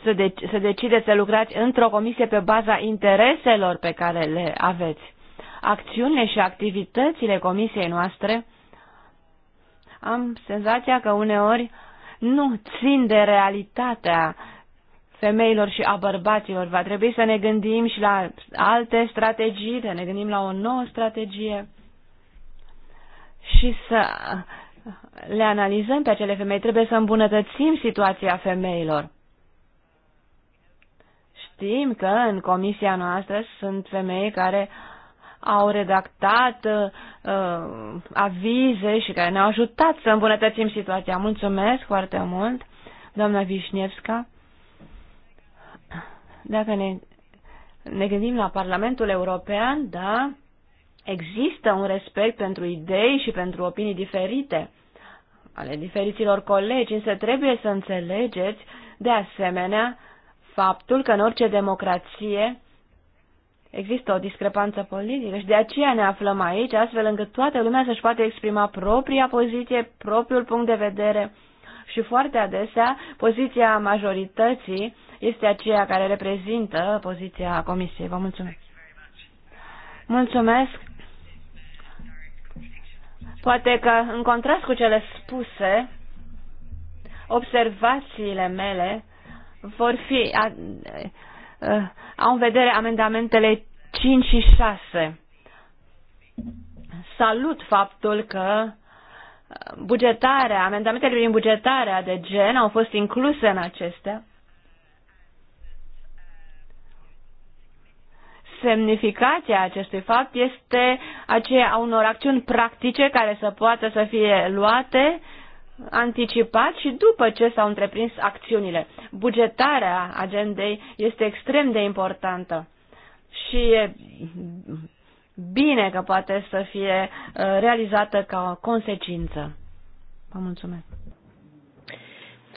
să, de- să decideți să lucrați într-o comisie pe baza intereselor pe care le aveți acțiunile și activitățile comisiei noastre, am senzația că uneori nu țin de realitatea femeilor și a bărbaților. Va trebui să ne gândim și la alte strategii, să ne gândim la o nouă strategie și să le analizăm pe acele femei. Trebuie să îmbunătățim situația femeilor. Știm că în comisia noastră sunt femei care au redactat uh, avize și care ne-au ajutat să îmbunătățim situația. Mulțumesc foarte mult, doamna Vișnevska. Dacă ne, ne gândim la Parlamentul European, da, există un respect pentru idei și pentru opinii diferite ale diferiților colegi, însă trebuie să înțelegeți, de asemenea, faptul că în orice democrație Există o discrepanță politică și de aceea ne aflăm aici, astfel încât toată lumea să-și poate exprima propria poziție, propriul punct de vedere și foarte adesea poziția majorității este aceea care reprezintă poziția Comisiei. Vă mulțumesc! Mulțumesc! Poate că, în contrast cu cele spuse, observațiile mele vor fi Eh, au în vedere amendamentele 5 și 6. Salut faptul că eh, bugetarea, amendamentele prin bugetarea de gen au fost incluse în acestea. Semnificația acestui fapt este aceea a unor acțiuni practice care să poată să fie luate anticipat și după ce s-au întreprins acțiunile. Bugetarea agendei este extrem de importantă și e bine că poate să fie uh, realizată ca o consecință. Vă mulțumesc.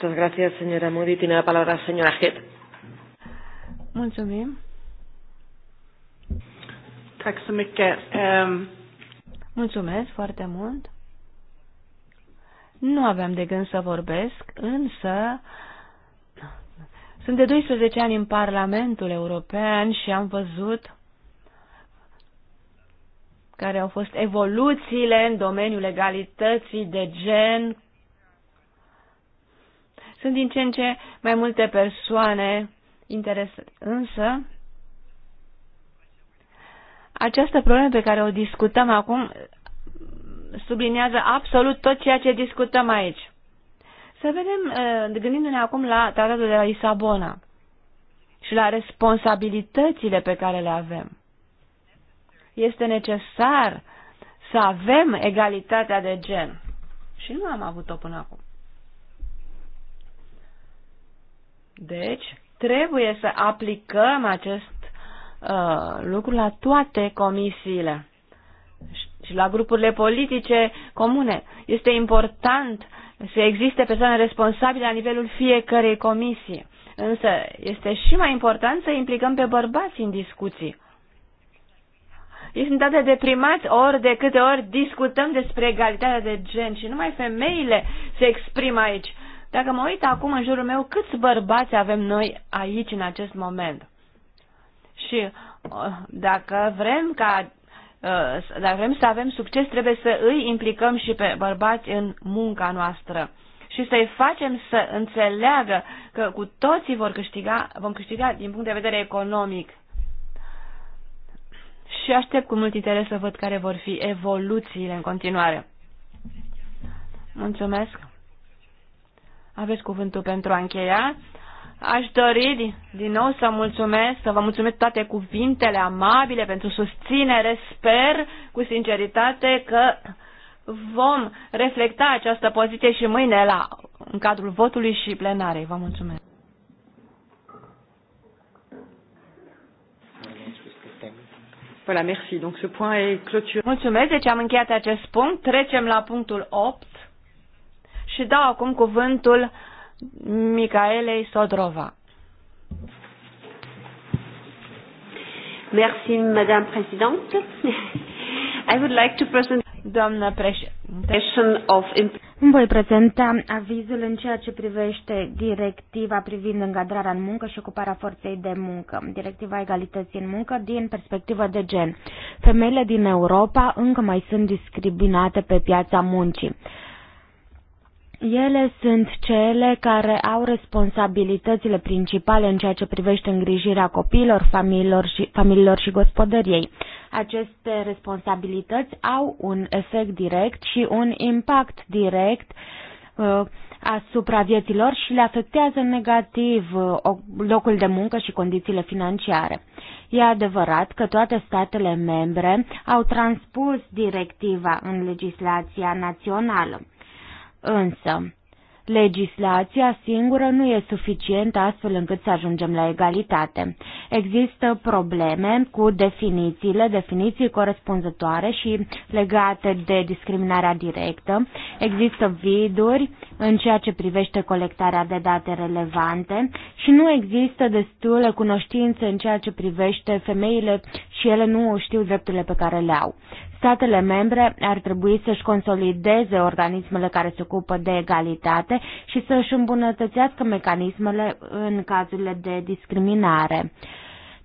Muchas gracias, señora Moody. Tiene la palabra señora Head. Mulțumim. Ehm. Mulțumesc foarte mult nu aveam de gând să vorbesc, însă sunt de 12 ani în Parlamentul European și am văzut care au fost evoluțiile în domeniul legalității de gen. Sunt din ce în ce mai multe persoane interesate. Însă, această problemă pe care o discutăm acum sublinează absolut tot ceea ce discutăm aici. Să vedem, uh, gândindu-ne acum la tratatul de la Lisabona și la responsabilitățile pe care le avem. Este necesar să avem egalitatea de gen. Și nu am avut-o până acum. Deci, trebuie să aplicăm acest uh, lucru la toate comisiile politici, la grupurile politice comune. Este important să existe persoane responsabile la nivelul fiecărei comisii. Însă este și mai important să implicăm pe bărbați în discuții. Ei sunt atât de deprimați ori de câte ori discutăm despre egalitatea de gen și numai femeile se exprimă aici. Dacă mă uit acum în jurul meu, câți bărbați avem noi aici în acest moment? Și uh, dacă vrem ca Uh, dacă vrem să avem succes, trebuie să îi implicăm și pe bărbați în munca noastră și să-i facem să înțeleagă că cu toții vor câștiga, vom câștiga din punct de vedere economic. Și aștept cu mult interes să văd care vor fi evoluțiile în continuare. Mulțumesc. Aveți cuvântul pentru a încheia. Aș dori din nou să mulțumesc, să vă mulțumesc toate cuvintele amabile pentru susținere. Sper cu sinceritate că vom reflecta această poziție și mâine la, în cadrul votului și plenarei. Vă mulțumesc. Voilà, merci. Donc ce point est clôturé. Mulțumesc, deci am încheiat acest punct. Trecem la punctul 8 și dau acum cuvântul Micaelei Sodrova. Merci, Madame Présidente. I would like to present Doamnă președinte, voi prezenta avizul în ceea ce privește directiva privind încadrarea în muncă și ocuparea forței de muncă, directiva egalității în muncă din perspectivă de gen. Femeile din Europa încă mai sunt discriminate pe piața muncii. Ele sunt cele care au responsabilitățile principale în ceea ce privește îngrijirea copiilor, familiilor și, familiilor și gospodăriei. Aceste responsabilități au un efect direct și un impact direct uh, asupra vieților și le afectează negativ uh, locul de muncă și condițiile financiare. E adevărat că toate statele membre au transpus directiva în legislația națională. Însă, legislația singură nu e suficientă astfel încât să ajungem la egalitate. Există probleme cu definițiile, definiții corespunzătoare și legate de discriminarea directă. Există viduri în ceea ce privește colectarea de date relevante și nu există destule cunoștințe în ceea ce privește femeile și ele nu știu drepturile pe care le au. Statele membre ar trebui să-și consolideze organismele care se ocupă de egalitate și să-și îmbunătățească mecanismele în cazurile de discriminare.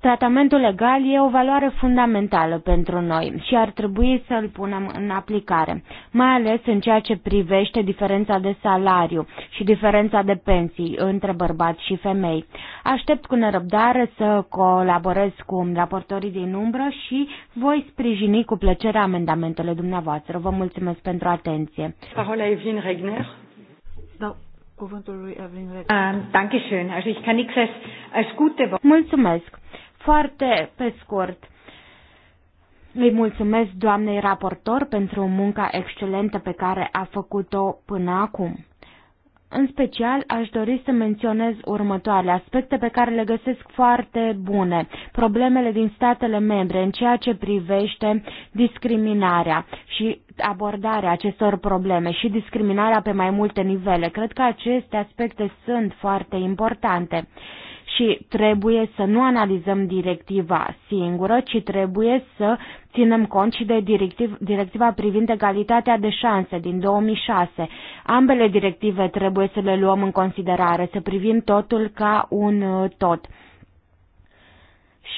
Tratamentul legal e o valoare fundamentală pentru noi și ar trebui să îl punem în aplicare, mai ales în ceea ce privește diferența de salariu și diferența de pensii între bărbați și femei. Aștept cu nerăbdare să colaborez cu raportorii din umbră și voi sprijini cu plăcere amendamentele dumneavoastră. Vă mulțumesc pentru atenție. Parola Evelyn Regner. Da, cuvântul lui Evelyn Regner. Uh, Also ich kann nichts als, als gute Mulțumesc. Foarte pe scurt, îi mulțumesc doamnei raportor pentru munca excelentă pe care a făcut-o până acum. În special, aș dori să menționez următoarele aspecte pe care le găsesc foarte bune. Problemele din statele membre în ceea ce privește discriminarea și abordarea acestor probleme și discriminarea pe mai multe nivele. Cred că aceste aspecte sunt foarte importante și trebuie să nu analizăm directiva singură, ci trebuie să ținem cont și de directiv, directiva privind egalitatea de șanse din 2006. Ambele directive trebuie să le luăm în considerare, să privim totul ca un tot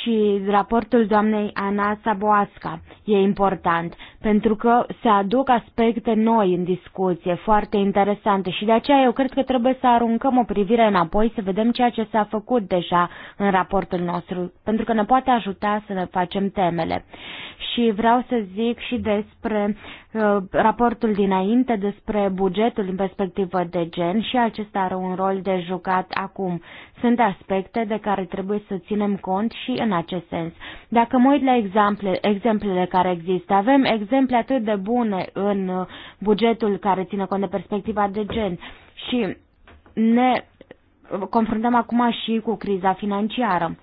și raportul doamnei Ana Saboasca e important, pentru că se aduc aspecte noi în discuție, foarte interesante și de aceea eu cred că trebuie să aruncăm o privire înapoi, să vedem ceea ce s-a făcut deja în raportul nostru, pentru că ne poate ajuta să ne facem temele. Și vreau să zic și despre Uh, raportul dinainte despre bugetul în perspectivă de gen și acesta are un rol de jucat acum. Sunt aspecte de care trebuie să ținem cont și în acest sens. Dacă mă uit la exemple, exemplele care există, avem exemple atât de bune în uh, bugetul care ține cont de perspectiva de gen și ne uh, confruntăm acum și cu criza financiară.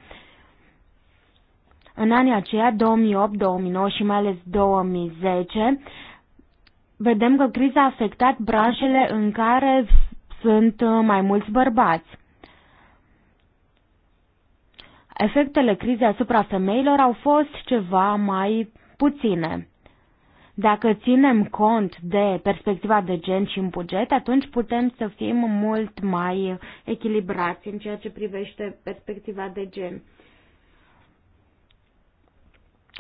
În anii aceia, 2008, 2009 și mai ales 2010, vedem că criza a afectat branșele în care sunt uh, mai mulți bărbați. Efectele crizei asupra femeilor au fost ceva mai puține. Dacă ținem cont de perspectiva de gen și în buget, atunci putem să fim mult mai echilibrați în ceea ce privește perspectiva de gen.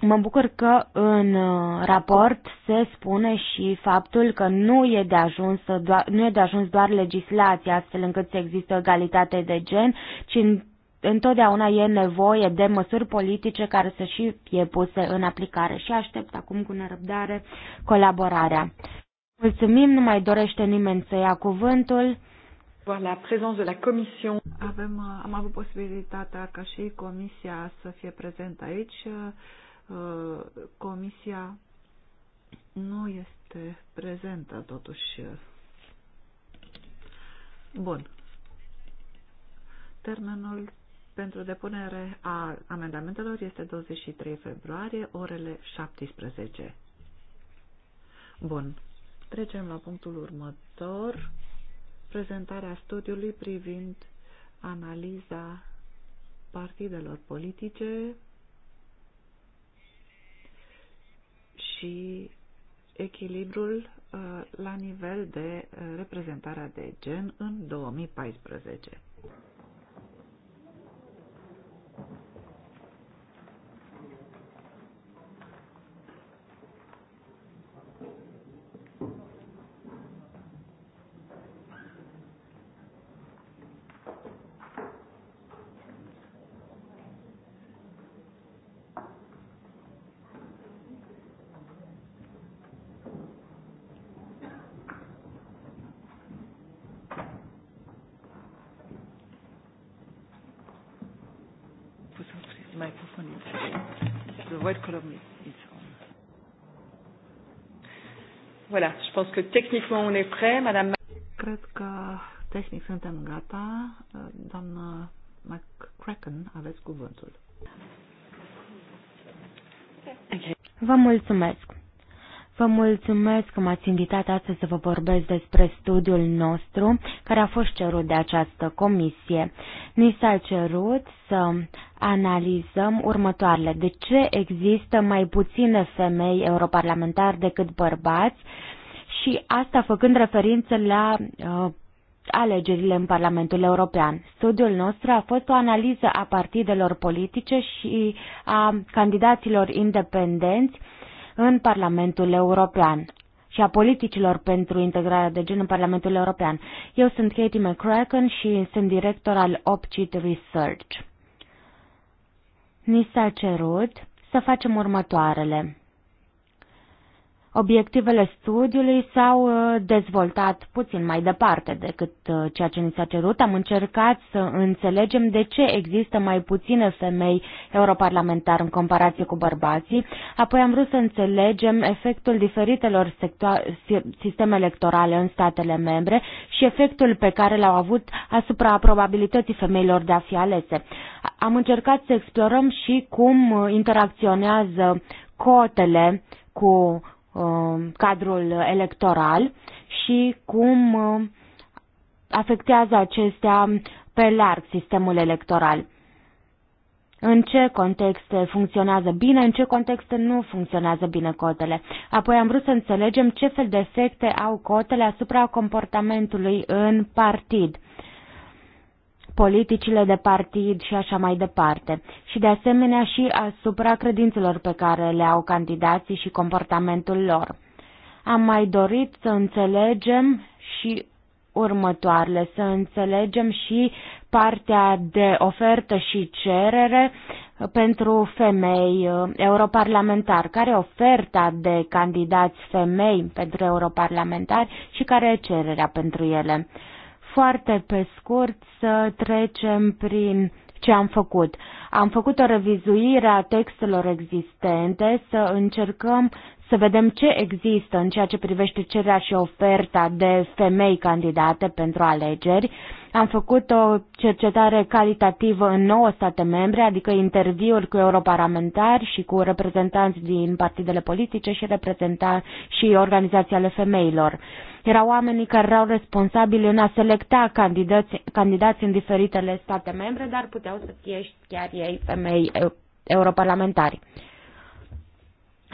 Mă bucur că în uh, raport se spune și faptul că nu e de ajuns, doar, nu e de ajuns doar legislația astfel încât să existe egalitate de gen, ci întotdeauna e nevoie de măsuri politice care să și fie puse în aplicare și aștept acum cu nerăbdare colaborarea. Mulțumim, nu mai dorește nimeni să ia cuvântul. La prezența de la comision. Avem, uh, am avut posibilitatea ca și comisia să fie prezentă aici. Uh, comisia nu este prezentă, totuși. Bun. Termenul pentru depunere a amendamentelor este 23 februarie, orele 17. Bun. Trecem la punctul următor, prezentarea studiului privind analiza partidelor politice și echilibrul uh, la nivel de uh, reprezentarea de gen în 2014. pense que techniquement on est prêt. Madame. Cred că tehnic suntem gata. Uh, doamna McCracken, aveți cuvântul. Vă mulțumesc. Vă mulțumesc că m-ați invitat astăzi să vă vorbesc despre studiul nostru care a fost cerut de această comisie. Ni s-a cerut să analizăm următoarele. De ce există mai puține femei europarlamentari decât bărbați? și asta făcând referință la uh, alegerile în Parlamentul European. Studiul nostru a fost o analiză a partidelor politice și a candidaților independenți în Parlamentul European și a politicilor pentru integrarea de gen în Parlamentul European. Eu sunt Katie McCracken și sunt director al Opcit Research. Ni s-a cerut să facem următoarele obiectivele studiului s-au uh, dezvoltat puțin mai departe decât uh, ceea ce ni s-a cerut. Am încercat să înțelegem de ce există mai puține femei europarlamentar în comparație cu bărbații. Apoi am vrut să înțelegem efectul diferitelor sisteme electorale în statele membre și efectul pe care l-au avut asupra probabilității femeilor de a fi alese. Am încercat să explorăm și cum uh, interacționează cotele cu Um, cadrul electoral și cum um, afectează acestea pe larg sistemul electoral. În ce contexte funcționează bine, în ce contexte nu funcționează bine cotele. Apoi am vrut să înțelegem ce fel de efecte au cotele asupra comportamentului în partid. Uh, politicile de partid și așa mai departe, și de asemenea și asupra credințelor pe care le au candidații și comportamentul lor. Am mai dorit să înțelegem și următoarele, să înțelegem și partea de ofertă și cerere pentru femei uh, europarlamentari, care oferta de candidați femei pentru europarlamentari și care e cererea pentru ele foarte pe scurt să trecem prin ce am făcut. Am făcut o revizuire a textelor existente, să încercăm să vedem ce există în ceea ce privește cererea și oferta de femei candidate pentru alegeri. Am făcut o cercetare calitativă în 9 state membre, adică interviuri cu europarlamentari și cu reprezentanți din partidele politice și, reprezenta și organizații ale femeilor. Erau oamenii care erau responsabili în a selecta candidați, candidați în diferitele state membre, dar puteau să fie chiar ei femei europarlamentari.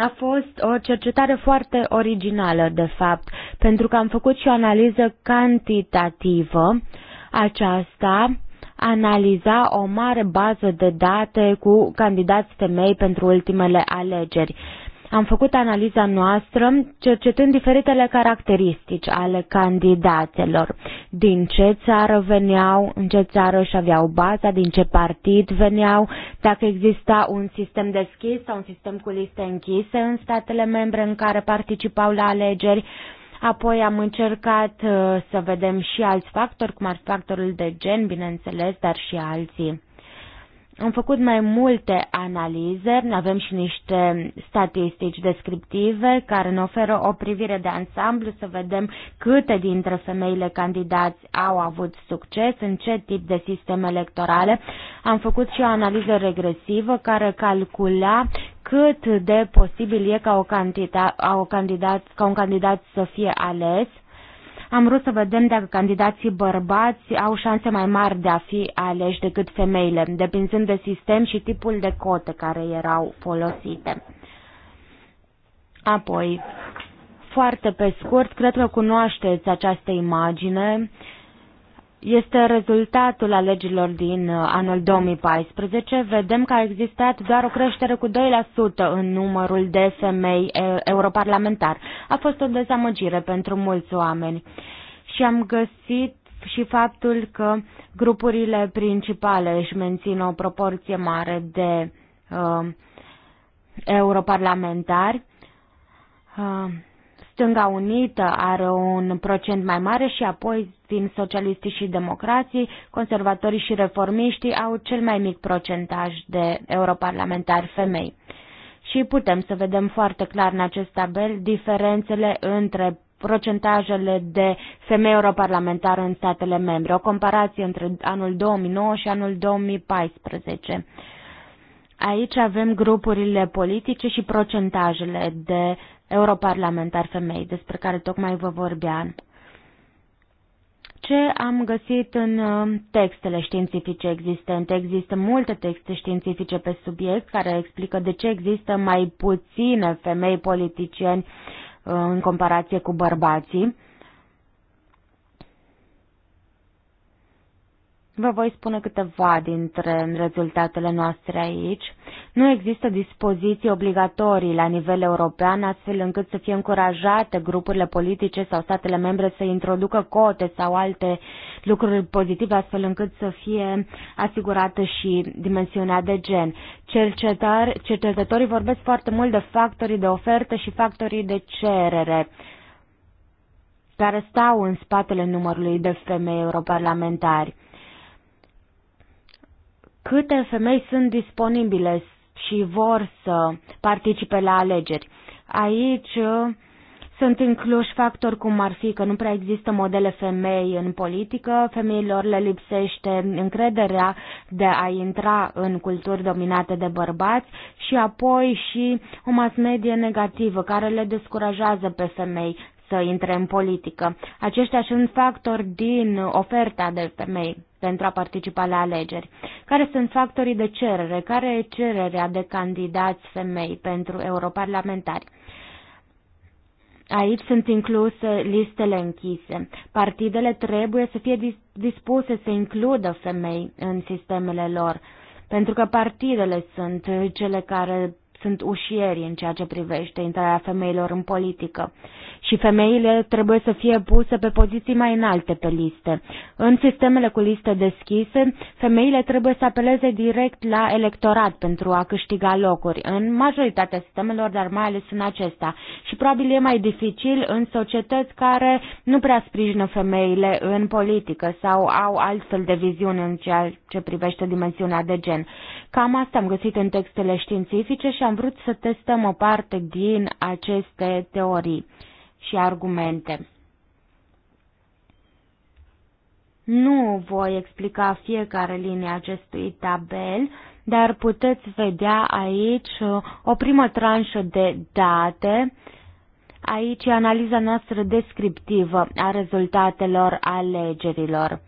A fost o cercetare foarte originală, de fapt, pentru că am făcut și o analiză cantitativă. Aceasta analiza o mare bază de date cu candidați femei pentru ultimele alegeri am făcut analiza noastră cercetând diferitele caracteristici ale candidatelor. Din ce țară veneau, în ce țară își aveau baza, din ce partid veneau, dacă exista un sistem deschis sau un sistem cu liste închise în statele membre în care participau la alegeri. Apoi am încercat uh, să vedem și alți factori, cum ar fi factorul de gen, bineînțeles, dar și alții. Am făcut mai multe analize, avem și niște statistici descriptive care ne oferă o privire de ansamblu să vedem câte dintre femeile candidați au avut succes, în ce tip de sisteme electorale. Am făcut și o analiză regresivă care calcula cât de posibil e ca, o candida, ca, o candidat, ca un candidat să fie ales am vrut să vedem dacă candidații bărbați au șanse mai mari de a fi aleși decât femeile, depinzând de sistem și tipul de cote care erau folosite. Apoi, foarte pe scurt, cred că cunoașteți această imagine. Uh, este rezultatul alegerilor din uh, anul 2014. Vedem că a existat doar o creștere cu 2% în numărul de femei europarlamentar. A fost o dezamăgire pentru mulți oameni. Și am găsit și faptul că grupurile principale își mențin o proporție mare de uh, europarlamentari. Uh, Stânga Unită are un procent mai mare și apoi vin socialiștii și democrații, conservatorii și reformiștii au cel mai mic procentaj de europarlamentari femei. Și putem să vedem foarte clar în acest tabel diferențele între procentajele de femei europarlamentare în statele membre, o comparație între anul 2009 și anul 2014. Aici avem grupurile politice și procentajele de europarlamentar femei, despre care tocmai vă vorbeam. Ce am găsit în uh, textele științifice existente? Există multe texte științifice pe subiect care explică de ce există mai puține femei politicieni uh, în comparație cu bărbații. Vă voi spune câteva dintre rezultatele noastre aici. Nu există dispoziții obligatorii la nivel european, astfel încât să fie încurajate grupurile politice sau statele membre să introducă cote sau alte lucruri pozitive, astfel încât să fie asigurată și dimensiunea de gen. Cercetar, cercetătorii vorbesc foarte mult de factorii de ofertă și factorii de cerere care stau în spatele numărului de femei europarlamentari câte femei sunt disponibile și vor să participe la alegeri. Aici uh, sunt incluși factori cum ar fi că nu prea există modele femei în politică, femeilor le lipsește încrederea de a intra în culturi dominate de bărbați și apoi și o mass media negativă care le descurajează pe femei să intre în politică. Aceștia sunt factori din oferta de femei pentru a participa la alegeri. Care sunt factorii de cerere? Care e cererea de candidați femei pentru europarlamentari? Aici sunt incluse listele închise. Partidele trebuie să fie dispuse să includă femei în sistemele lor, pentru că partidele sunt cele care sunt ușieri în ceea ce privește intrarea femeilor în politică și femeile trebuie să fie puse pe poziții mai înalte pe liste. În sistemele cu liste deschise, femeile trebuie să apeleze direct la electorat pentru a câștiga locuri, în majoritatea sistemelor, dar mai ales în acesta. Și probabil e mai dificil în societăți care nu prea sprijină femeile în politică sau au altfel de viziune în ceea ce privește dimensiunea de gen. Cam asta am găsit în textele științifice și am vrut să testăm o parte din aceste teorii și argumente. Nu voi explica fiecare linie acestui tabel, dar puteți vedea aici o primă tranșă de date. Aici e analiza noastră descriptivă a rezultatelor alegerilor.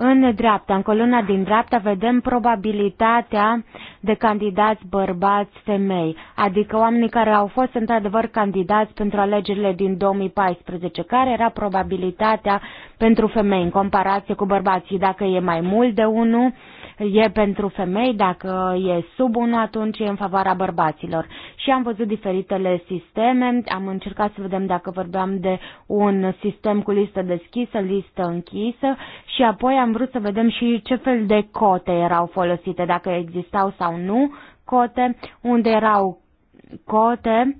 În dreapta, în coluna din dreapta, vedem probabilitatea de candidați bărbați femei, adică oamenii care au fost într-adevăr candidați pentru alegerile din 2014, care era probabilitatea pentru femei în comparație cu bărbații, dacă e mai mult de unul, e pentru femei, dacă e sub 1 atunci e în favoarea bărbaților. Și am văzut diferitele sisteme, am încercat să vedem dacă vorbeam de un sistem cu listă deschisă, listă închisă și apoi am vrut să vedem și ce fel de cote erau folosite, dacă existau sau nu cote, unde erau cote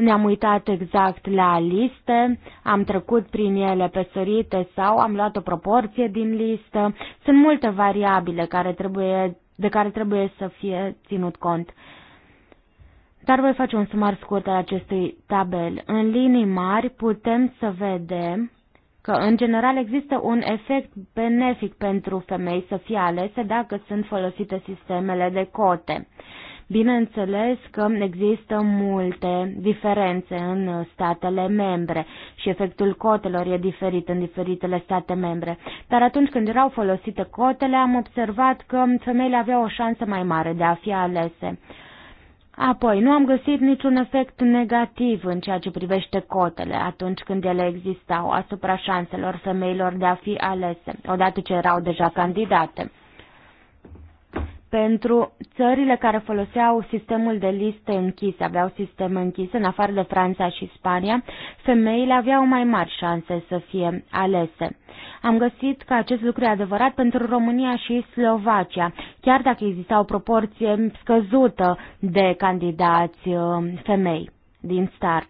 ne-am uitat exact la liste, am trecut prin ele pe sărite sau am luat o proporție din listă. Sunt multe variabile care trebuie, de care trebuie să fie ținut cont. Dar voi face un sumar scurt al acestui tabel. În linii mari putem să vedem că în general există un efect benefic pentru femei să fie alese dacă sunt folosite sistemele de cote. Bineînțeles că există multe diferențe în statele membre și efectul cotelor e diferit în diferitele state membre. Dar atunci când erau folosite cotele, am observat că femeile aveau o șansă mai mare de a fi alese. Apoi, nu am găsit niciun efect negativ în ceea ce privește cotele atunci când ele existau asupra șanselor femeilor de a fi alese, odată ce erau deja candidate pentru țările care foloseau sistemul de liste închise, aveau sisteme închise, în afară de Franța și Spania, femeile aveau mai mari șanse să fie alese. Am găsit că acest lucru e adevărat pentru România și Slovacia, chiar dacă exista o proporție scăzută de candidați uh, femei din start.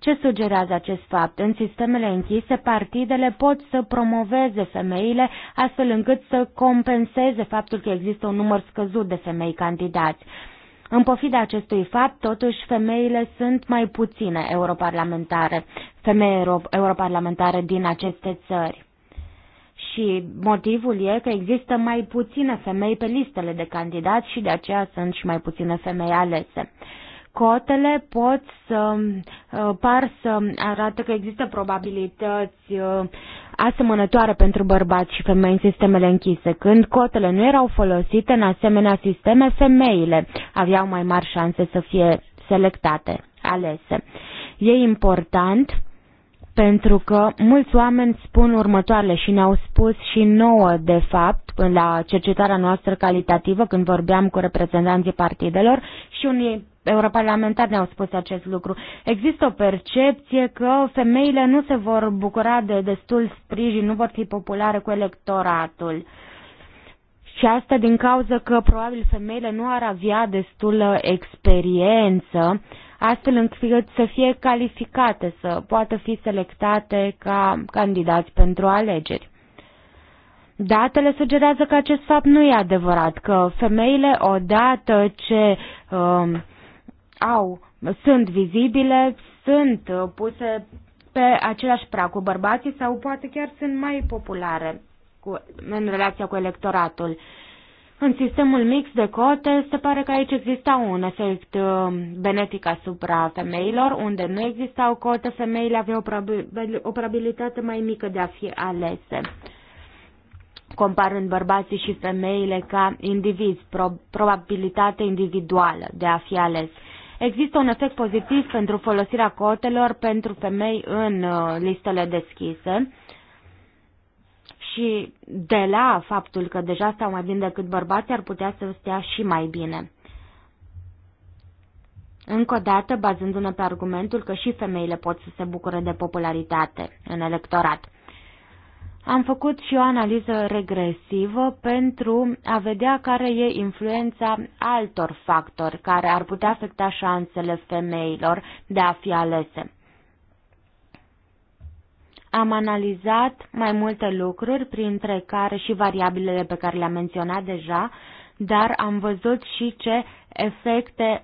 Ce sugerează acest fapt? În sistemele închise, partidele pot să promoveze femeile astfel încât să compenseze faptul că există un număr scăzut de femei candidați. În pofida acestui fapt, totuși, femeile sunt mai puține europarlamentare, femei europarlamentare din aceste țări. Și motivul e că există mai puține femei pe listele de candidați și de aceea sunt și mai puține femei alese cotele pot să uh, par să arată că există probabilități uh, asemănătoare pentru bărbați și femei în sistemele închise. Când cotele nu erau folosite în asemenea sisteme, femeile aveau mai mari șanse să fie selectate, alese. E important pentru că mulți oameni spun următoarele și ne-au spus și nouă, de fapt, până la cercetarea noastră calitativă, când vorbeam cu reprezentanții partidelor și unii europarlamentari ne-au spus acest lucru. Există o percepție că femeile nu se vor bucura de destul sprijin, nu vor fi populare cu electoratul. Și asta din cauza că probabil femeile nu ar avea destulă uh, experiență uh, astfel încât să fie calificate, să poată fi selectate ca candidați pentru alegeri. Datele sugerează că acest fapt nu e adevărat, că femeile, odată ce uh, au, sunt vizibile, sunt uh, puse pe același prag cu bărbații sau poate chiar sunt mai populare cu, în relația cu electoratul. Uh, în sistemul mix de cote, se pare că aici exista un efect uh, benefic asupra femeilor, unde nu existau cote, femeile aveau o probabilitate mai mică de a fi alese comparând bărbații și femeile ca indivizi, pro, probabilitate individuală de a fi ales. Există un efect pozitiv pentru folosirea cotelor pentru femei în uh, listele deschise și de la faptul că deja stau mai bine decât bărbații, ar putea să stea și mai bine. Încă o dată, bazându-ne pe argumentul că și femeile pot să se bucure de popularitate în electorat. Am făcut și o analiză regresivă pentru a vedea care e influența altor factori care ar putea afecta șansele femeilor de a fi alese. Am analizat mai multe lucruri, printre care și variabilele pe care le-am menționat deja, dar am văzut și ce efecte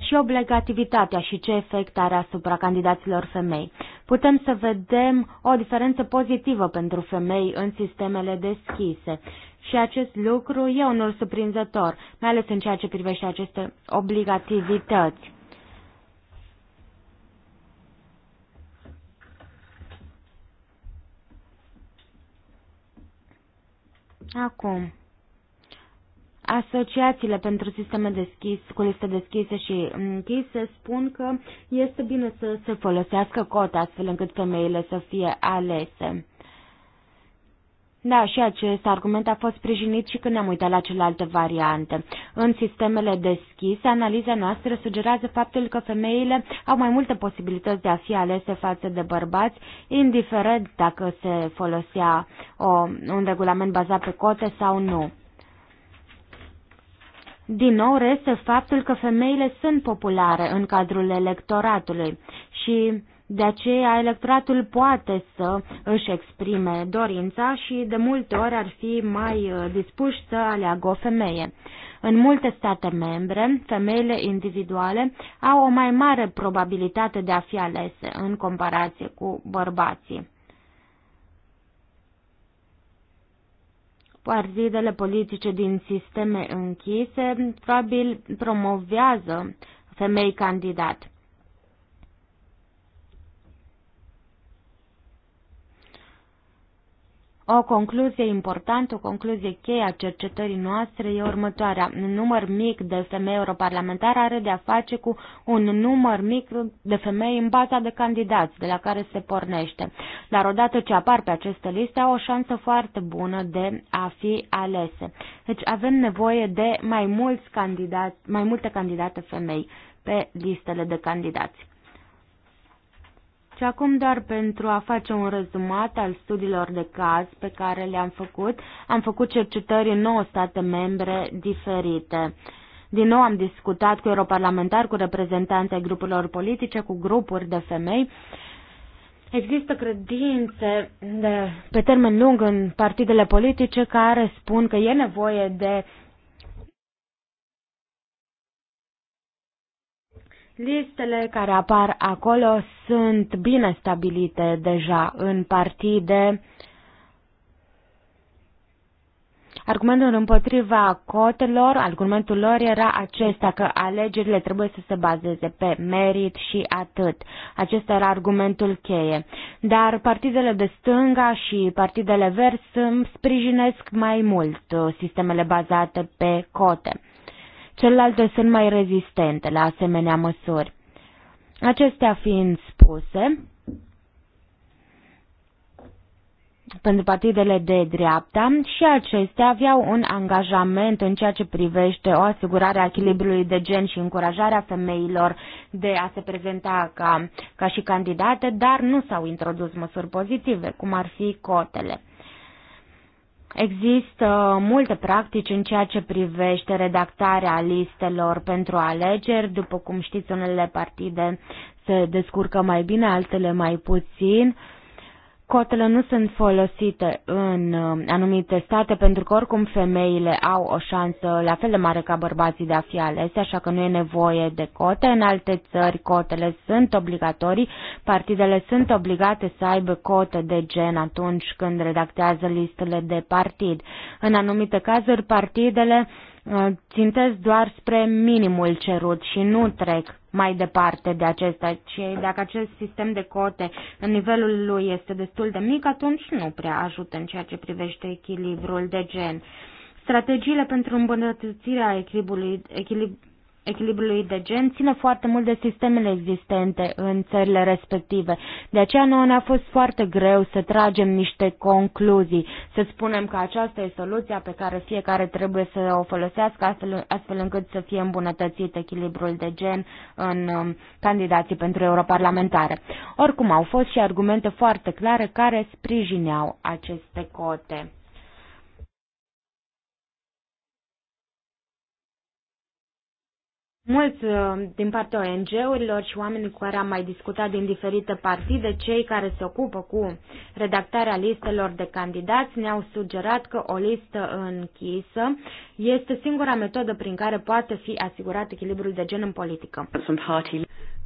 și obligativitatea și ce efect are asupra candidaților femei. Putem să vedem o diferență pozitivă pentru femei în sistemele deschise și acest lucru e unul surprinzător, mai ales în ceea ce privește aceste obligativități. Acum, asociațiile pentru sisteme deschise, cu liste deschise și închise spun că este bine să se folosească cota astfel încât femeile să fie alese. Da, și acest argument a fost sprijinit și când ne-am uitat la celelalte variante. În sistemele deschise, analiza noastră sugerează faptul că femeile au mai multe posibilități de a fi alese față de bărbați, indiferent dacă se folosea o, un regulament bazat pe cote sau nu. Din nou reste faptul că femeile sunt populare în cadrul electoratului și de aceea, electoratul poate să își exprime dorința și de multe ori ar fi mai uh, dispuși să aleagă o femeie. În multe state membre, femeile individuale au o mai mare probabilitate de a fi alese în comparație cu bărbații. Partidele politice din sisteme închise probabil promovează femei candidat. O concluzie importantă, o concluzie cheie a cercetării noastre e următoarea. Un număr mic de femei europarlamentare are de a face cu un număr mic de femei în baza de candidați de la care se pornește. Dar odată ce apar pe aceste liste au o șansă foarte bună de a fi alese. Deci avem nevoie de mai, mulți candidați, mai multe candidate femei pe listele de candidați. Și acum doar pentru a face un rezumat al studiilor de caz pe care le-am făcut, am făcut cercetări în 9 state membre diferite. Din nou am discutat cu europarlamentari, cu reprezentante grupurilor politice, cu grupuri de femei. Există credințe de, pe termen lung în partidele politice care spun că e nevoie de Listele care apar acolo sunt bine stabilite deja în partide. Argumentul împotriva cotelor, argumentul lor era acesta că alegerile trebuie să se bazeze pe merit și atât. Acesta era argumentul cheie. Dar partidele de stânga și partidele verzi sprijinesc mai mult uh, sistemele bazate pe cote celelalte sunt mai rezistente la asemenea măsuri. Acestea fiind spuse, pentru partidele de dreapta și acestea aveau un angajament în ceea ce privește o asigurare a echilibrului de gen și încurajarea femeilor de a se prezenta ca, ca și candidate, dar nu s-au introdus măsuri pozitive, cum ar fi cotele. Există multe practici în ceea ce privește redactarea listelor pentru alegeri. După cum știți, unele partide se descurcă mai bine, altele mai puțin. Uh, cotele nu sunt folosite în uh, anumite state pentru că oricum femeile au o șansă la fel de mare ca bărbații de a fi alese, așa că nu e nevoie de cote. În alte țări cotele sunt obligatorii, partidele sunt obligate să aibă cote de gen atunci când redactează listele de partid. În anumite cazuri partidele uh, țintesc doar spre minimul cerut și nu trec mai departe de acesta și dacă acest sistem de cote în nivelul lui este destul de mic, atunci nu prea ajută în ceea ce privește echilibrul de gen. Strategiile pentru îmbunătățirea echilibrului, echilibrului echilibrului de gen ține foarte mult de sistemele existente în țările respective. De aceea nouă ne-a fost foarte greu să tragem niște concluzii, să spunem că aceasta e soluția pe care fiecare trebuie să o folosească astfel, astfel încât să fie îmbunătățit echilibrul de gen în um, candidații pentru europarlamentare. Oricum au fost și argumente foarte clare care sprijineau aceste cote. Mulți uh, din partea ONG-urilor și oamenii cu care am mai discutat din diferite partide, cei care se ocupă cu redactarea listelor de candidați, ne-au sugerat că o listă închisă este singura metodă prin care poate fi asigurat echilibrul de gen în politică.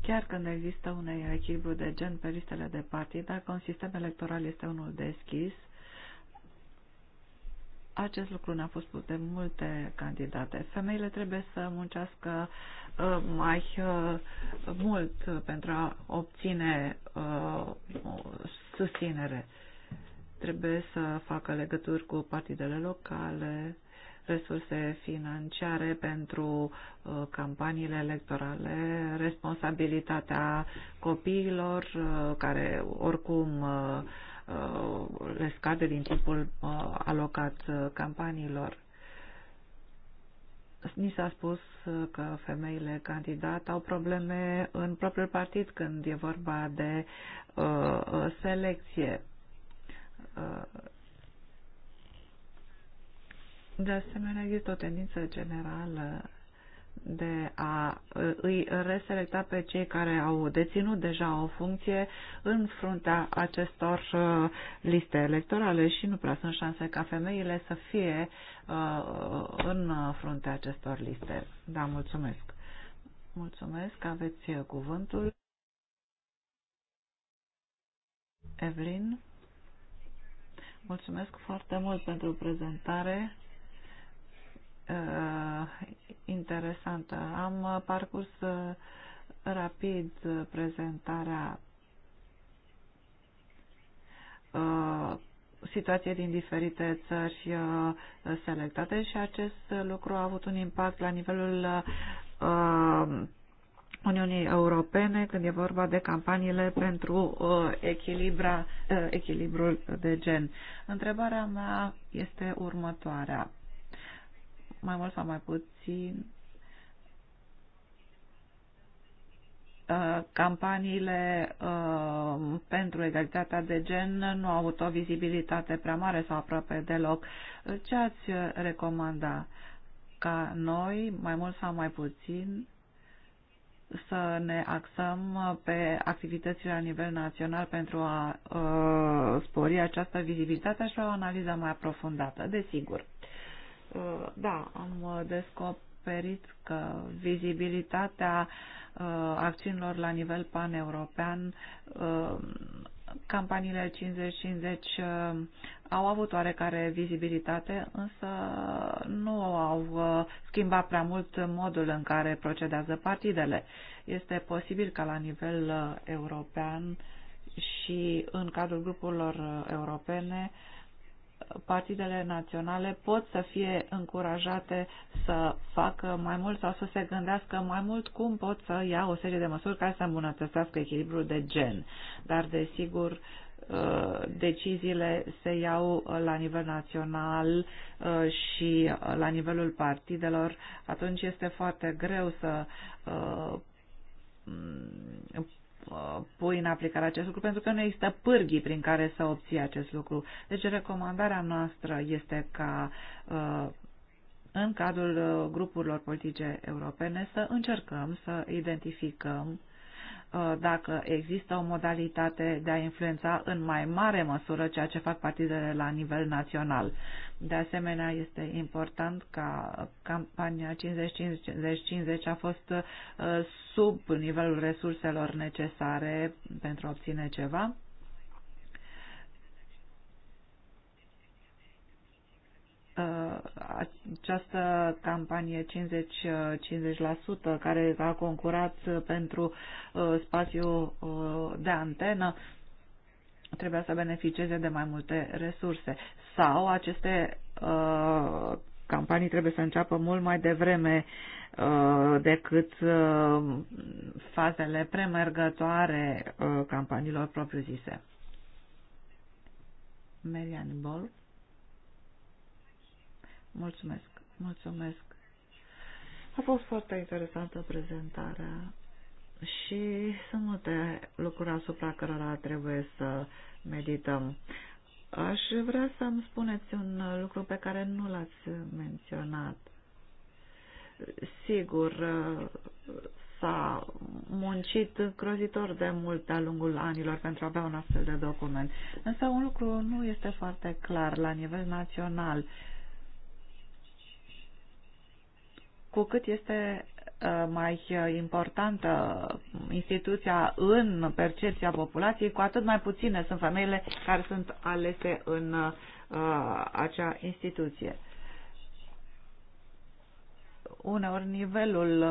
Chiar când există un echilibru de gen pe listele de partid, dacă un sistem electoral este unul deschis, acest lucru ne-a fost pus de multe candidate. Femeile trebuie să muncească uh, mai uh, mult pentru a obține uh, susținere. Trebuie să facă legături cu partidele locale, resurse financiare pentru campaniile electorale, responsabilitatea copiilor care oricum Uh, le scade din timpul uh, alocat uh, campaniilor. Ni s-a spus că femeile candidat au probleme în propriul partid când e vorba de uh, selecție. Uh, de asemenea, există o tendință generală de a îi reselecta pe cei care au deținut deja o funcție în fruntea acestor uh, liste electorale și nu prea sunt șanse ca femeile să fie uh, în fruntea acestor liste. Da, mulțumesc. Mulțumesc, aveți cuvântul. Evelyn, mulțumesc foarte mult pentru prezentare uh, interesantă. Am uh, parcurs uh, rapid uh, prezentarea uh, situației din diferite țări selectate și acest lucru a avut un impact la nivelul Uniunii Europene când e vorba de campaniile pentru echilibra, echilibrul de gen. Întrebarea mea este următoarea mai mult sau mai puțin uh, campaniile uh, pentru egalitatea de gen nu au avut o vizibilitate prea mare sau aproape deloc. Ce ați recomanda? Ca noi, mai mult sau mai puțin, să ne axăm pe activitățile la nivel național pentru a uh, spori această vizibilitate și o analiză mai aprofundată, desigur. Uh, da, am uh, descoperit că vizibilitatea uh, acțiunilor la nivel paneuropean, campaniile 50-50 au avut oarecare vizibilitate, însă nu au schimbat prea mult modul în care procedează partidele. Este posibil ca la nivel european și în cadrul grupurilor europene uh, partidele naționale pot să fie încurajate să facă mai mult sau să se gândească mai mult cum pot să ia o serie de măsuri care să îmbunătățească echilibrul de gen. Dar, desigur, uh, deciziile se iau la nivel național uh, și la nivelul partidelor, atunci este foarte greu să uh, Uh, pui în aplicare acest lucru, pentru că nu există pârghii prin care să obții acest lucru. Deci recomandarea noastră este ca uh, în cadrul uh, grupurilor politice europene să încercăm să identificăm Uh, dacă există o modalitate de a influența în mai mare măsură ceea ce fac partidele la nivel național. De asemenea, este important ca campania 50-50-50 a fost uh, sub nivelul resurselor necesare pentru a obține ceva. această campanie 50-50% care a concurat pentru uh, spațiu uh, de antenă trebuia să beneficieze de mai multe resurse. Sau aceste uh, campanii trebuie să înceapă mult mai devreme decât fazele premergătoare campaniilor propriu-zise. Marian Bol. Mulțumesc, mulțumesc. A fost foarte interesantă prezentarea și sunt multe lucruri asupra cărora trebuie să medităm. Aș vrea să-mi spuneți un lucru pe care nu l-ați menționat. Sigur, s-a muncit crozitor de mult de-a lungul anilor pentru a avea un astfel de document. Însă un lucru nu este foarte clar la nivel național. Uh, cu cât este uh, mai uh, importantă instituția în percepția populației, cu atât mai puține sunt femeile care sunt alese în uh, acea instituție. Uneori nivelul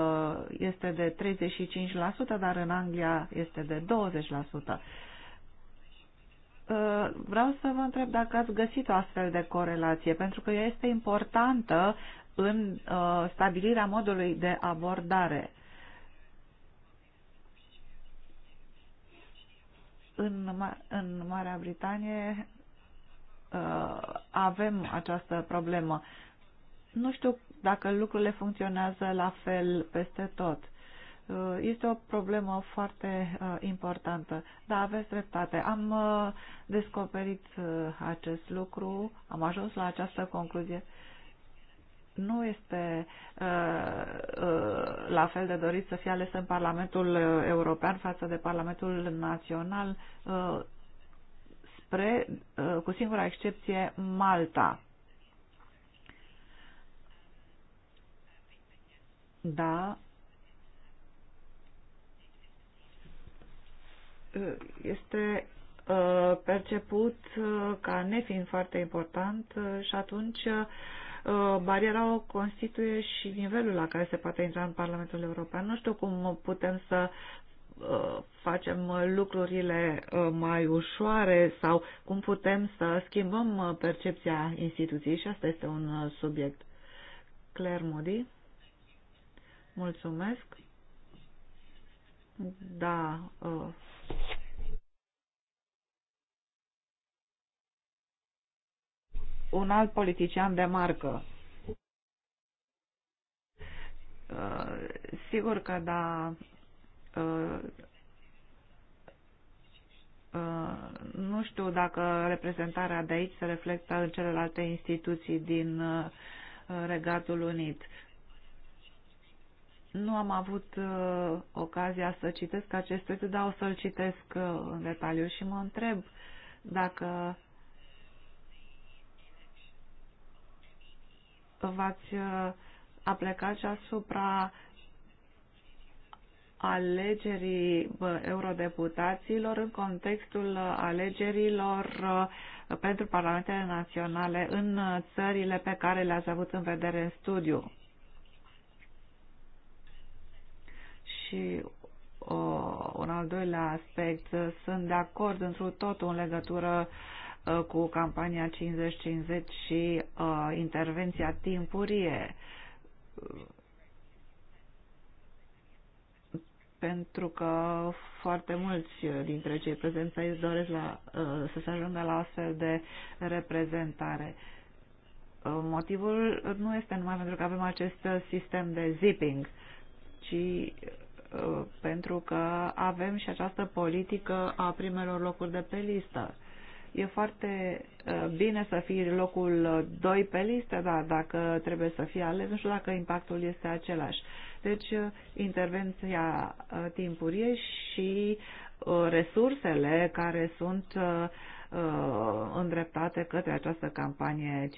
este de 35%, dar în Anglia este de 20%. Vreau să vă întreb dacă ați găsit o astfel de corelație, pentru că ea este importantă în uh, stabilirea modului de abordare. În, în Marea Britanie uh, avem această problemă. Nu știu dacă lucrurile funcționează la fel peste tot. Uh, este o problemă foarte importantă. Da, aveți dreptate. Am descoperit acest lucru, am ajuns la această concluzie nu este uh, uh, la fel de dorit să fie ales în Parlamentul European față de Parlamentul Național, uh, spre, cu singura excepție, Malta. Da. Este perceput ca nefiind foarte important și atunci Uh, bariera o constituie și nivelul la care se poate intra în Parlamentul European. Nu știu cum putem să uh, facem lucrurile uh, mai ușoare sau cum putem să schimbăm percepția instituției și asta este un subiect. Claire Moody, mulțumesc. Da, un alt politician de marcă. Uh, sigur că da, uh, uh, nu știu dacă reprezentarea de aici se reflectă în celelalte instituții din Regatul Unit. Nu am avut uh, ocazia să citesc acest studiu, dar o să-l citesc uh, în detaliu și mă întreb dacă v-ați uh, a plecat și asupra alegerii eurodeputaților în contextul alegerilor uh, pentru parlamentele naționale în uh, țările pe care le-ați avut în vedere în studiu. Și o, un al doilea aspect, sunt de acord într-o totul în legătură uh, Uh, cu campania 50-50 și uh, intervenția timpurie pentru că foarte mulți dintre cei prezenți aici doresc la, uh, să se ajungă la astfel de reprezentare. Motivul nu este numai pentru că avem acest sistem de zipping, ci pentru că avem și această politică a primelor locuri de pe listă. E foarte bine să fii locul 2 pe listă, dar dacă trebuie să fii ales, nu știu dacă impactul este același. Deci, intervenția timpurie și resursele care sunt îndreptate către această campanie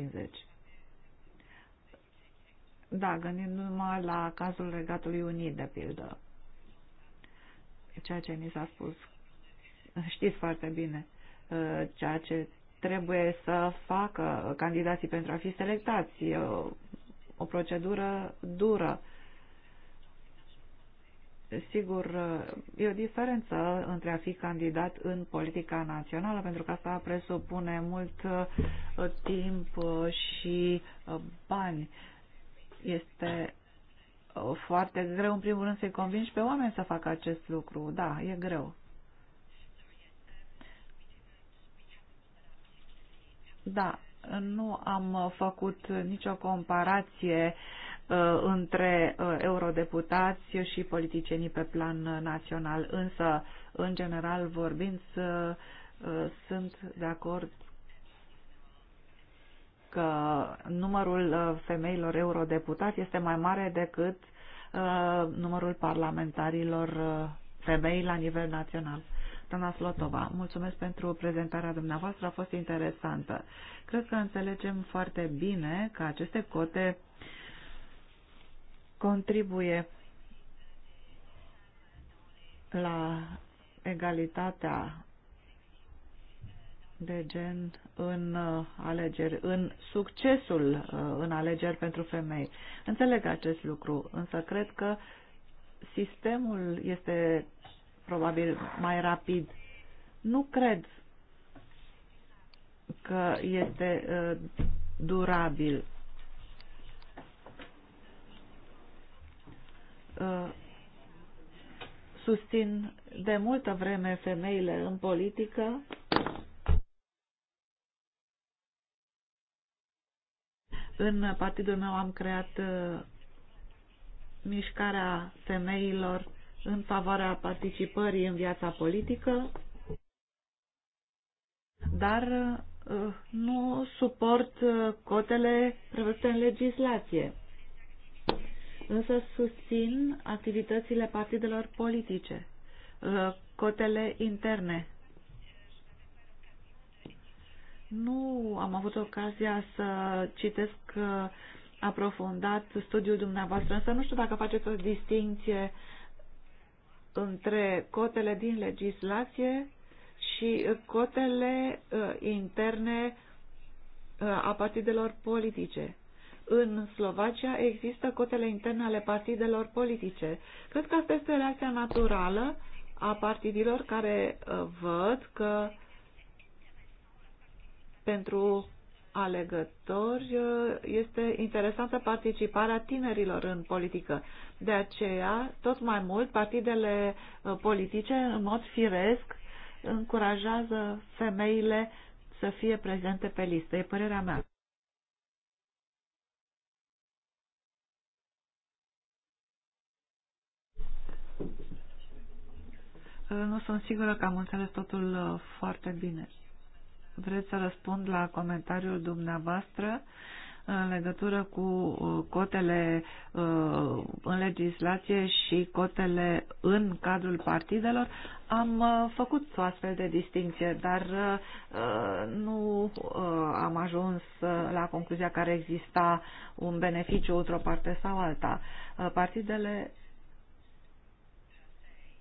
50-50. Da, gândindu-mă la cazul Regatului Unit, de pildă. Ceea ce mi s-a spus. Știți foarte bine Uh, ceea ce trebuie să facă candidații pentru a fi selectați. O procedură dură. Sigur, uh, e o diferență între a fi candidat în politica națională, pentru că asta presupune mult uh, timp și bani. Este foarte greu, în primul rând, să-i convingi pe oameni să facă acest lucru. Da, e greu. Da, nu am uh, făcut nicio comparație uh, între uh, eurodeputați și politicienii pe plan național, însă, în general vorbind, sunt de acord că numărul femeilor eurodeputați este mai mare decât numărul parlamentarilor femei la nivel național. Stana Slotova, mulțumesc pentru prezentarea dumneavoastră, a fost interesantă. Cred că înțelegem foarte bine că aceste cote contribuie la egalitatea de gen în uh, alegeri, în succesul uh, în alegeri pentru femei. Înțeleg acest lucru, însă cred că sistemul este probabil mai rapid. Nu cred că este uh, durabil. Uh, susțin de multă vreme femeile în politică. În partidul meu am creat uh, mișcarea femeilor în favoarea participării în viața politică, dar uh, nu suport uh, cotele prevăzute în legislație. Însă susțin activitățile partidelor politice, uh, cotele interne. Nu am avut ocazia să citesc aprofundat studiul dumneavoastră, însă nu știu dacă faceți o distinție între cotele din legislație și uh, cotele uh, interne uh, a partidelor politice. În Slovacia există cotele interne ale partidelor politice. Cred că asta este reacția naturală a partidilor care văd că pentru alegători este interesantă participarea tinerilor în politică. De aceea, tot mai mult, partidele uh, politice, în mod firesc, încurajează femeile să fie prezente pe listă. E părerea mea. Uh, nu sunt sigură că am înțeles totul uh, foarte bine vreți să răspund la comentariul dumneavoastră în legătură cu uh, cotele uh, în legislație și cotele în cadrul partidelor. Am uh, făcut o astfel de distinție, dar nu am ajuns la concluzia care exista un beneficiu într-o parte sau alta. Partidele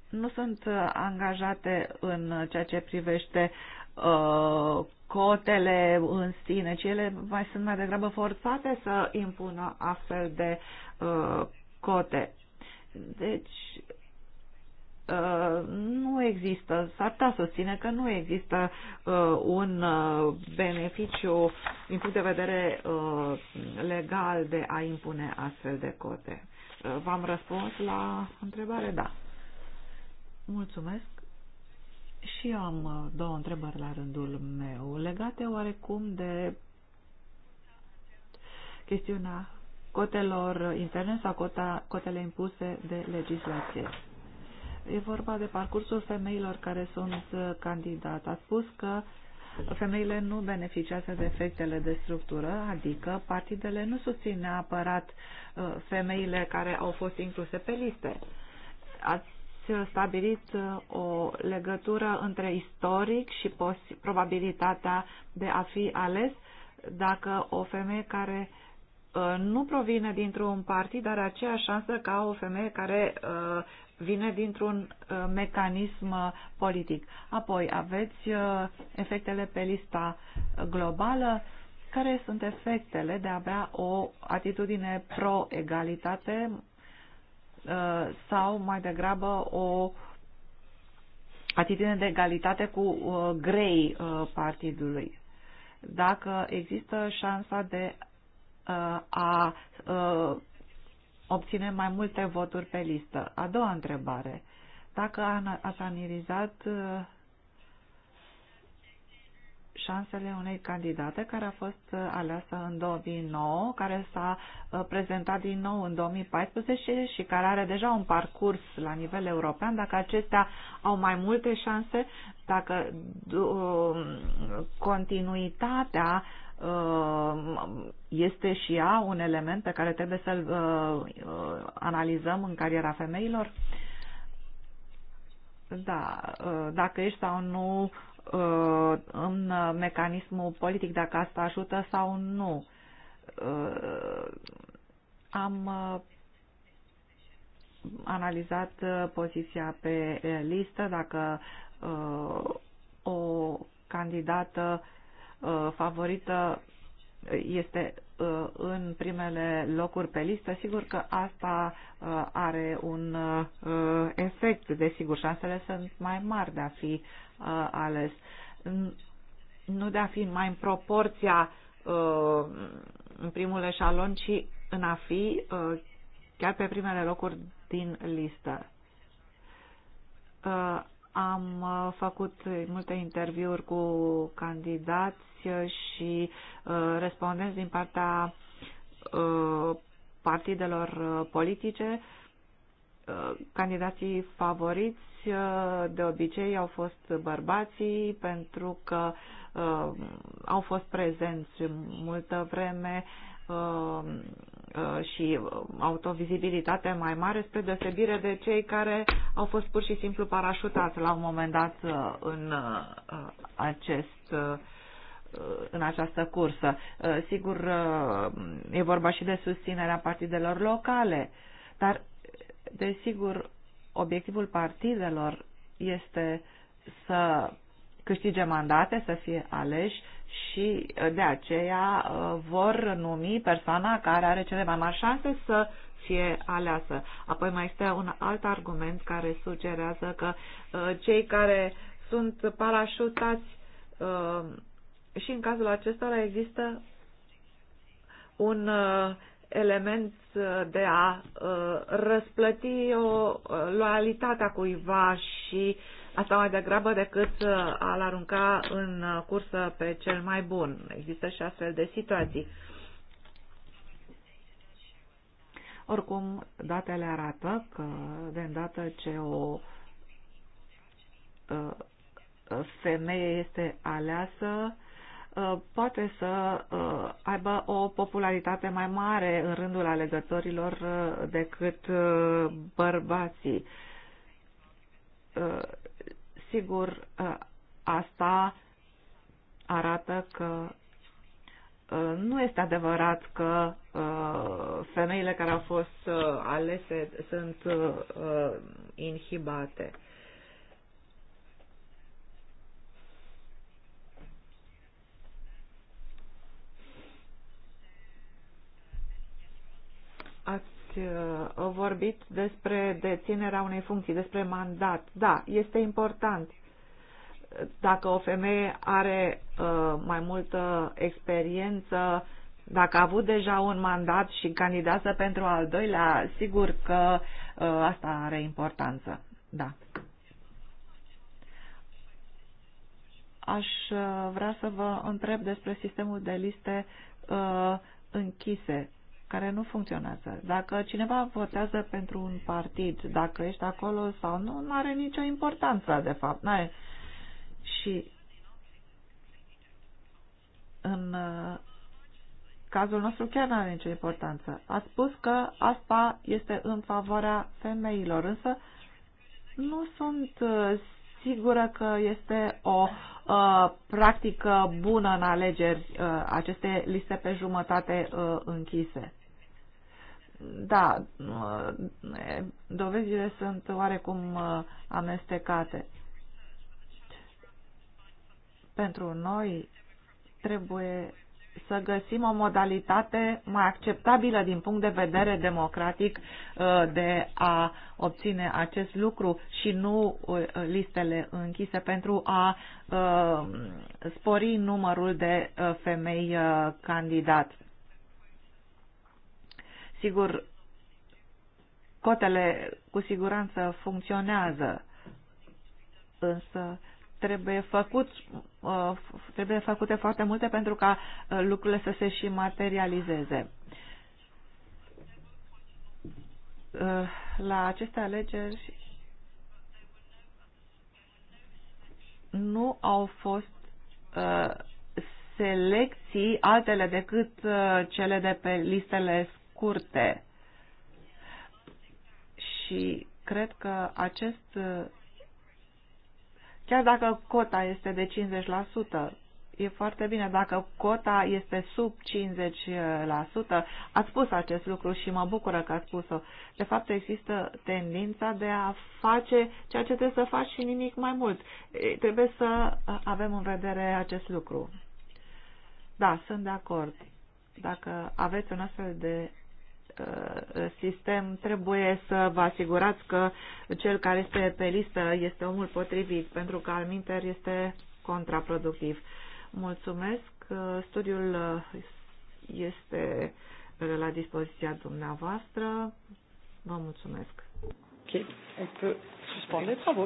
nu sunt uh, angajate în ceea ce privește uh, cotele în sine, ci ele mai sunt mai degrabă forțate să impună astfel de uh, cote. Deci, uh, nu există, s-ar putea susține că nu există uh, un uh, beneficiu din punct de vedere uh, legal de a impune astfel de cote. Uh, v-am răspuns la întrebare? Da. Mulțumesc. Și eu am uh, două întrebări la rândul meu, legate oarecum de chestiunea cotelor interne sau cota, cotele impuse de legislație. E vorba de parcursul femeilor care sunt uh, candidat. A spus că femeile nu beneficiază de efectele de structură, adică partidele nu susțin neapărat uh, femeile care au fost incluse pe liste. Ați ați stabilit uh, o legătură între istoric și probabilitatea de a fi ales dacă o femeie care uh, nu provine dintr-un partid dar aceeași șansă ca o femeie care uh, vine dintr-un mecanism politic. Apoi aveți efectele pe lista globală. Care sunt efectele de a avea o atitudine pro-egalitate Uh, sau mai degrabă o atitudine de egalitate cu uh, grei uh, partidului. Dacă există șansa de a obține mai multe voturi pe listă. A doua întrebare. Dacă ați analizat șansele unei candidate care a fost uh, aleasă în 2009, care s-a uh, prezentat din nou în 2014 și care are deja un parcurs la nivel european, dacă acestea au mai multe șanse, dacă um, continuitatea uh, este și ea un element pe care trebuie să-l analizăm în cariera femeilor? da, ă, dacă ești sau nu ă, în mecanismul politic, dacă asta ajută sau nu. Ă, am analizat poziția pe listă, dacă o candidată favorită este uh, în primele locuri pe listă, sigur că asta uh, are un uh, efect, desigur, șansele sunt mai mari de a fi ales. Nu de a fi mai în proporția în primul eșalon, ci în a fi chiar pe primele locuri din listă. Am făcut multe interviuri cu candidați și uh, respondenți din partea uh, partidelor uh, politice. Candidații favoriți de obicei au fost bărbații pentru că au fost prezenți multă vreme și au o vizibilitate mai mare spre deosebire de cei care au fost pur și simplu parașutați la un moment dat în acest Uh, în această cursă. Uh, sigur, uh, e vorba și de susținerea partidelor locale, dar, desigur, obiectivul partidelor este să câștige mandate, să fie aleși și de aceea vor numi persoana care are cele mai mari șanse să fie aleasă. Apoi mai este un alt argument care sugerează că cei care sunt parașutați și în cazul acestora există un uh, element uh, de a uh, răsplăti o loialitate a cuiva și asta mai degrabă decât a-l arunca în cursă pe cel mai bun. Există și astfel de situații. Oricum, datele arată că de îndată ce o femeie este aleasă, Uh, poate să uh, aibă o popularitate mai mare în rândul alegătorilor uh, decât bărbații. Sigur, asta arată că nu este adevărat că femeile care au fost alese sunt inhibate ați uh, vorbit despre deținerea unei funcții, despre mandat. Da, este important. Dacă o femeie are uh, mai multă experiență, dacă a avut deja un mandat și candidează pentru al doilea, sigur că uh, asta are importanță. Da. Aș vrea să vă întreb despre sistemul de liste închise care nu funcționează. Dacă cineva votează pentru un partid, dacă ești acolo sau nu, nu are nicio importanță, de fapt. N-are. Și în uh, cazul nostru chiar nu are nicio importanță. A spus că asta este în favoarea femeilor, însă nu sunt uh, sigură că este o uh, practică bună în alegeri uh, aceste liste pe jumătate uh, închise. Da, uh, dovezile sunt oarecum uh, amestecate. Pentru noi trebuie să găsim o modalitate mai acceptabilă din punct de vedere democratic uh, de a obține acest lucru și nu listele închise pentru a spori numărul de femei candidat. Sigur, cotele cu siguranță funcționează, însă trebuie, făcut, uh, trebuie făcute foarte multe pentru ca uh, lucrurile să se și materializeze. Uh, la aceste alegeri nu au fost selecții altele decât cele de pe listele scurte și cred că acest, chiar dacă cota este de 50%, e foarte bine. Dacă cota este sub 50%, ați spus acest lucru și mă bucură că ați spus-o. De fapt, există tendința de a face ceea ce trebuie să faci și nimic mai mult. Trebuie să avem în vedere acest lucru. Da, sunt de acord. Dacă aveți un astfel de Uh, sistem, trebuie să vă asigurați că cel care este pe listă este omul potrivit, pentru că alminter este contraproductiv. Mulțumesc. Uh, studiul uh, este la dispoziția dumneavoastră. Vă mulțumesc. Ok, on peut suspendre les travaux.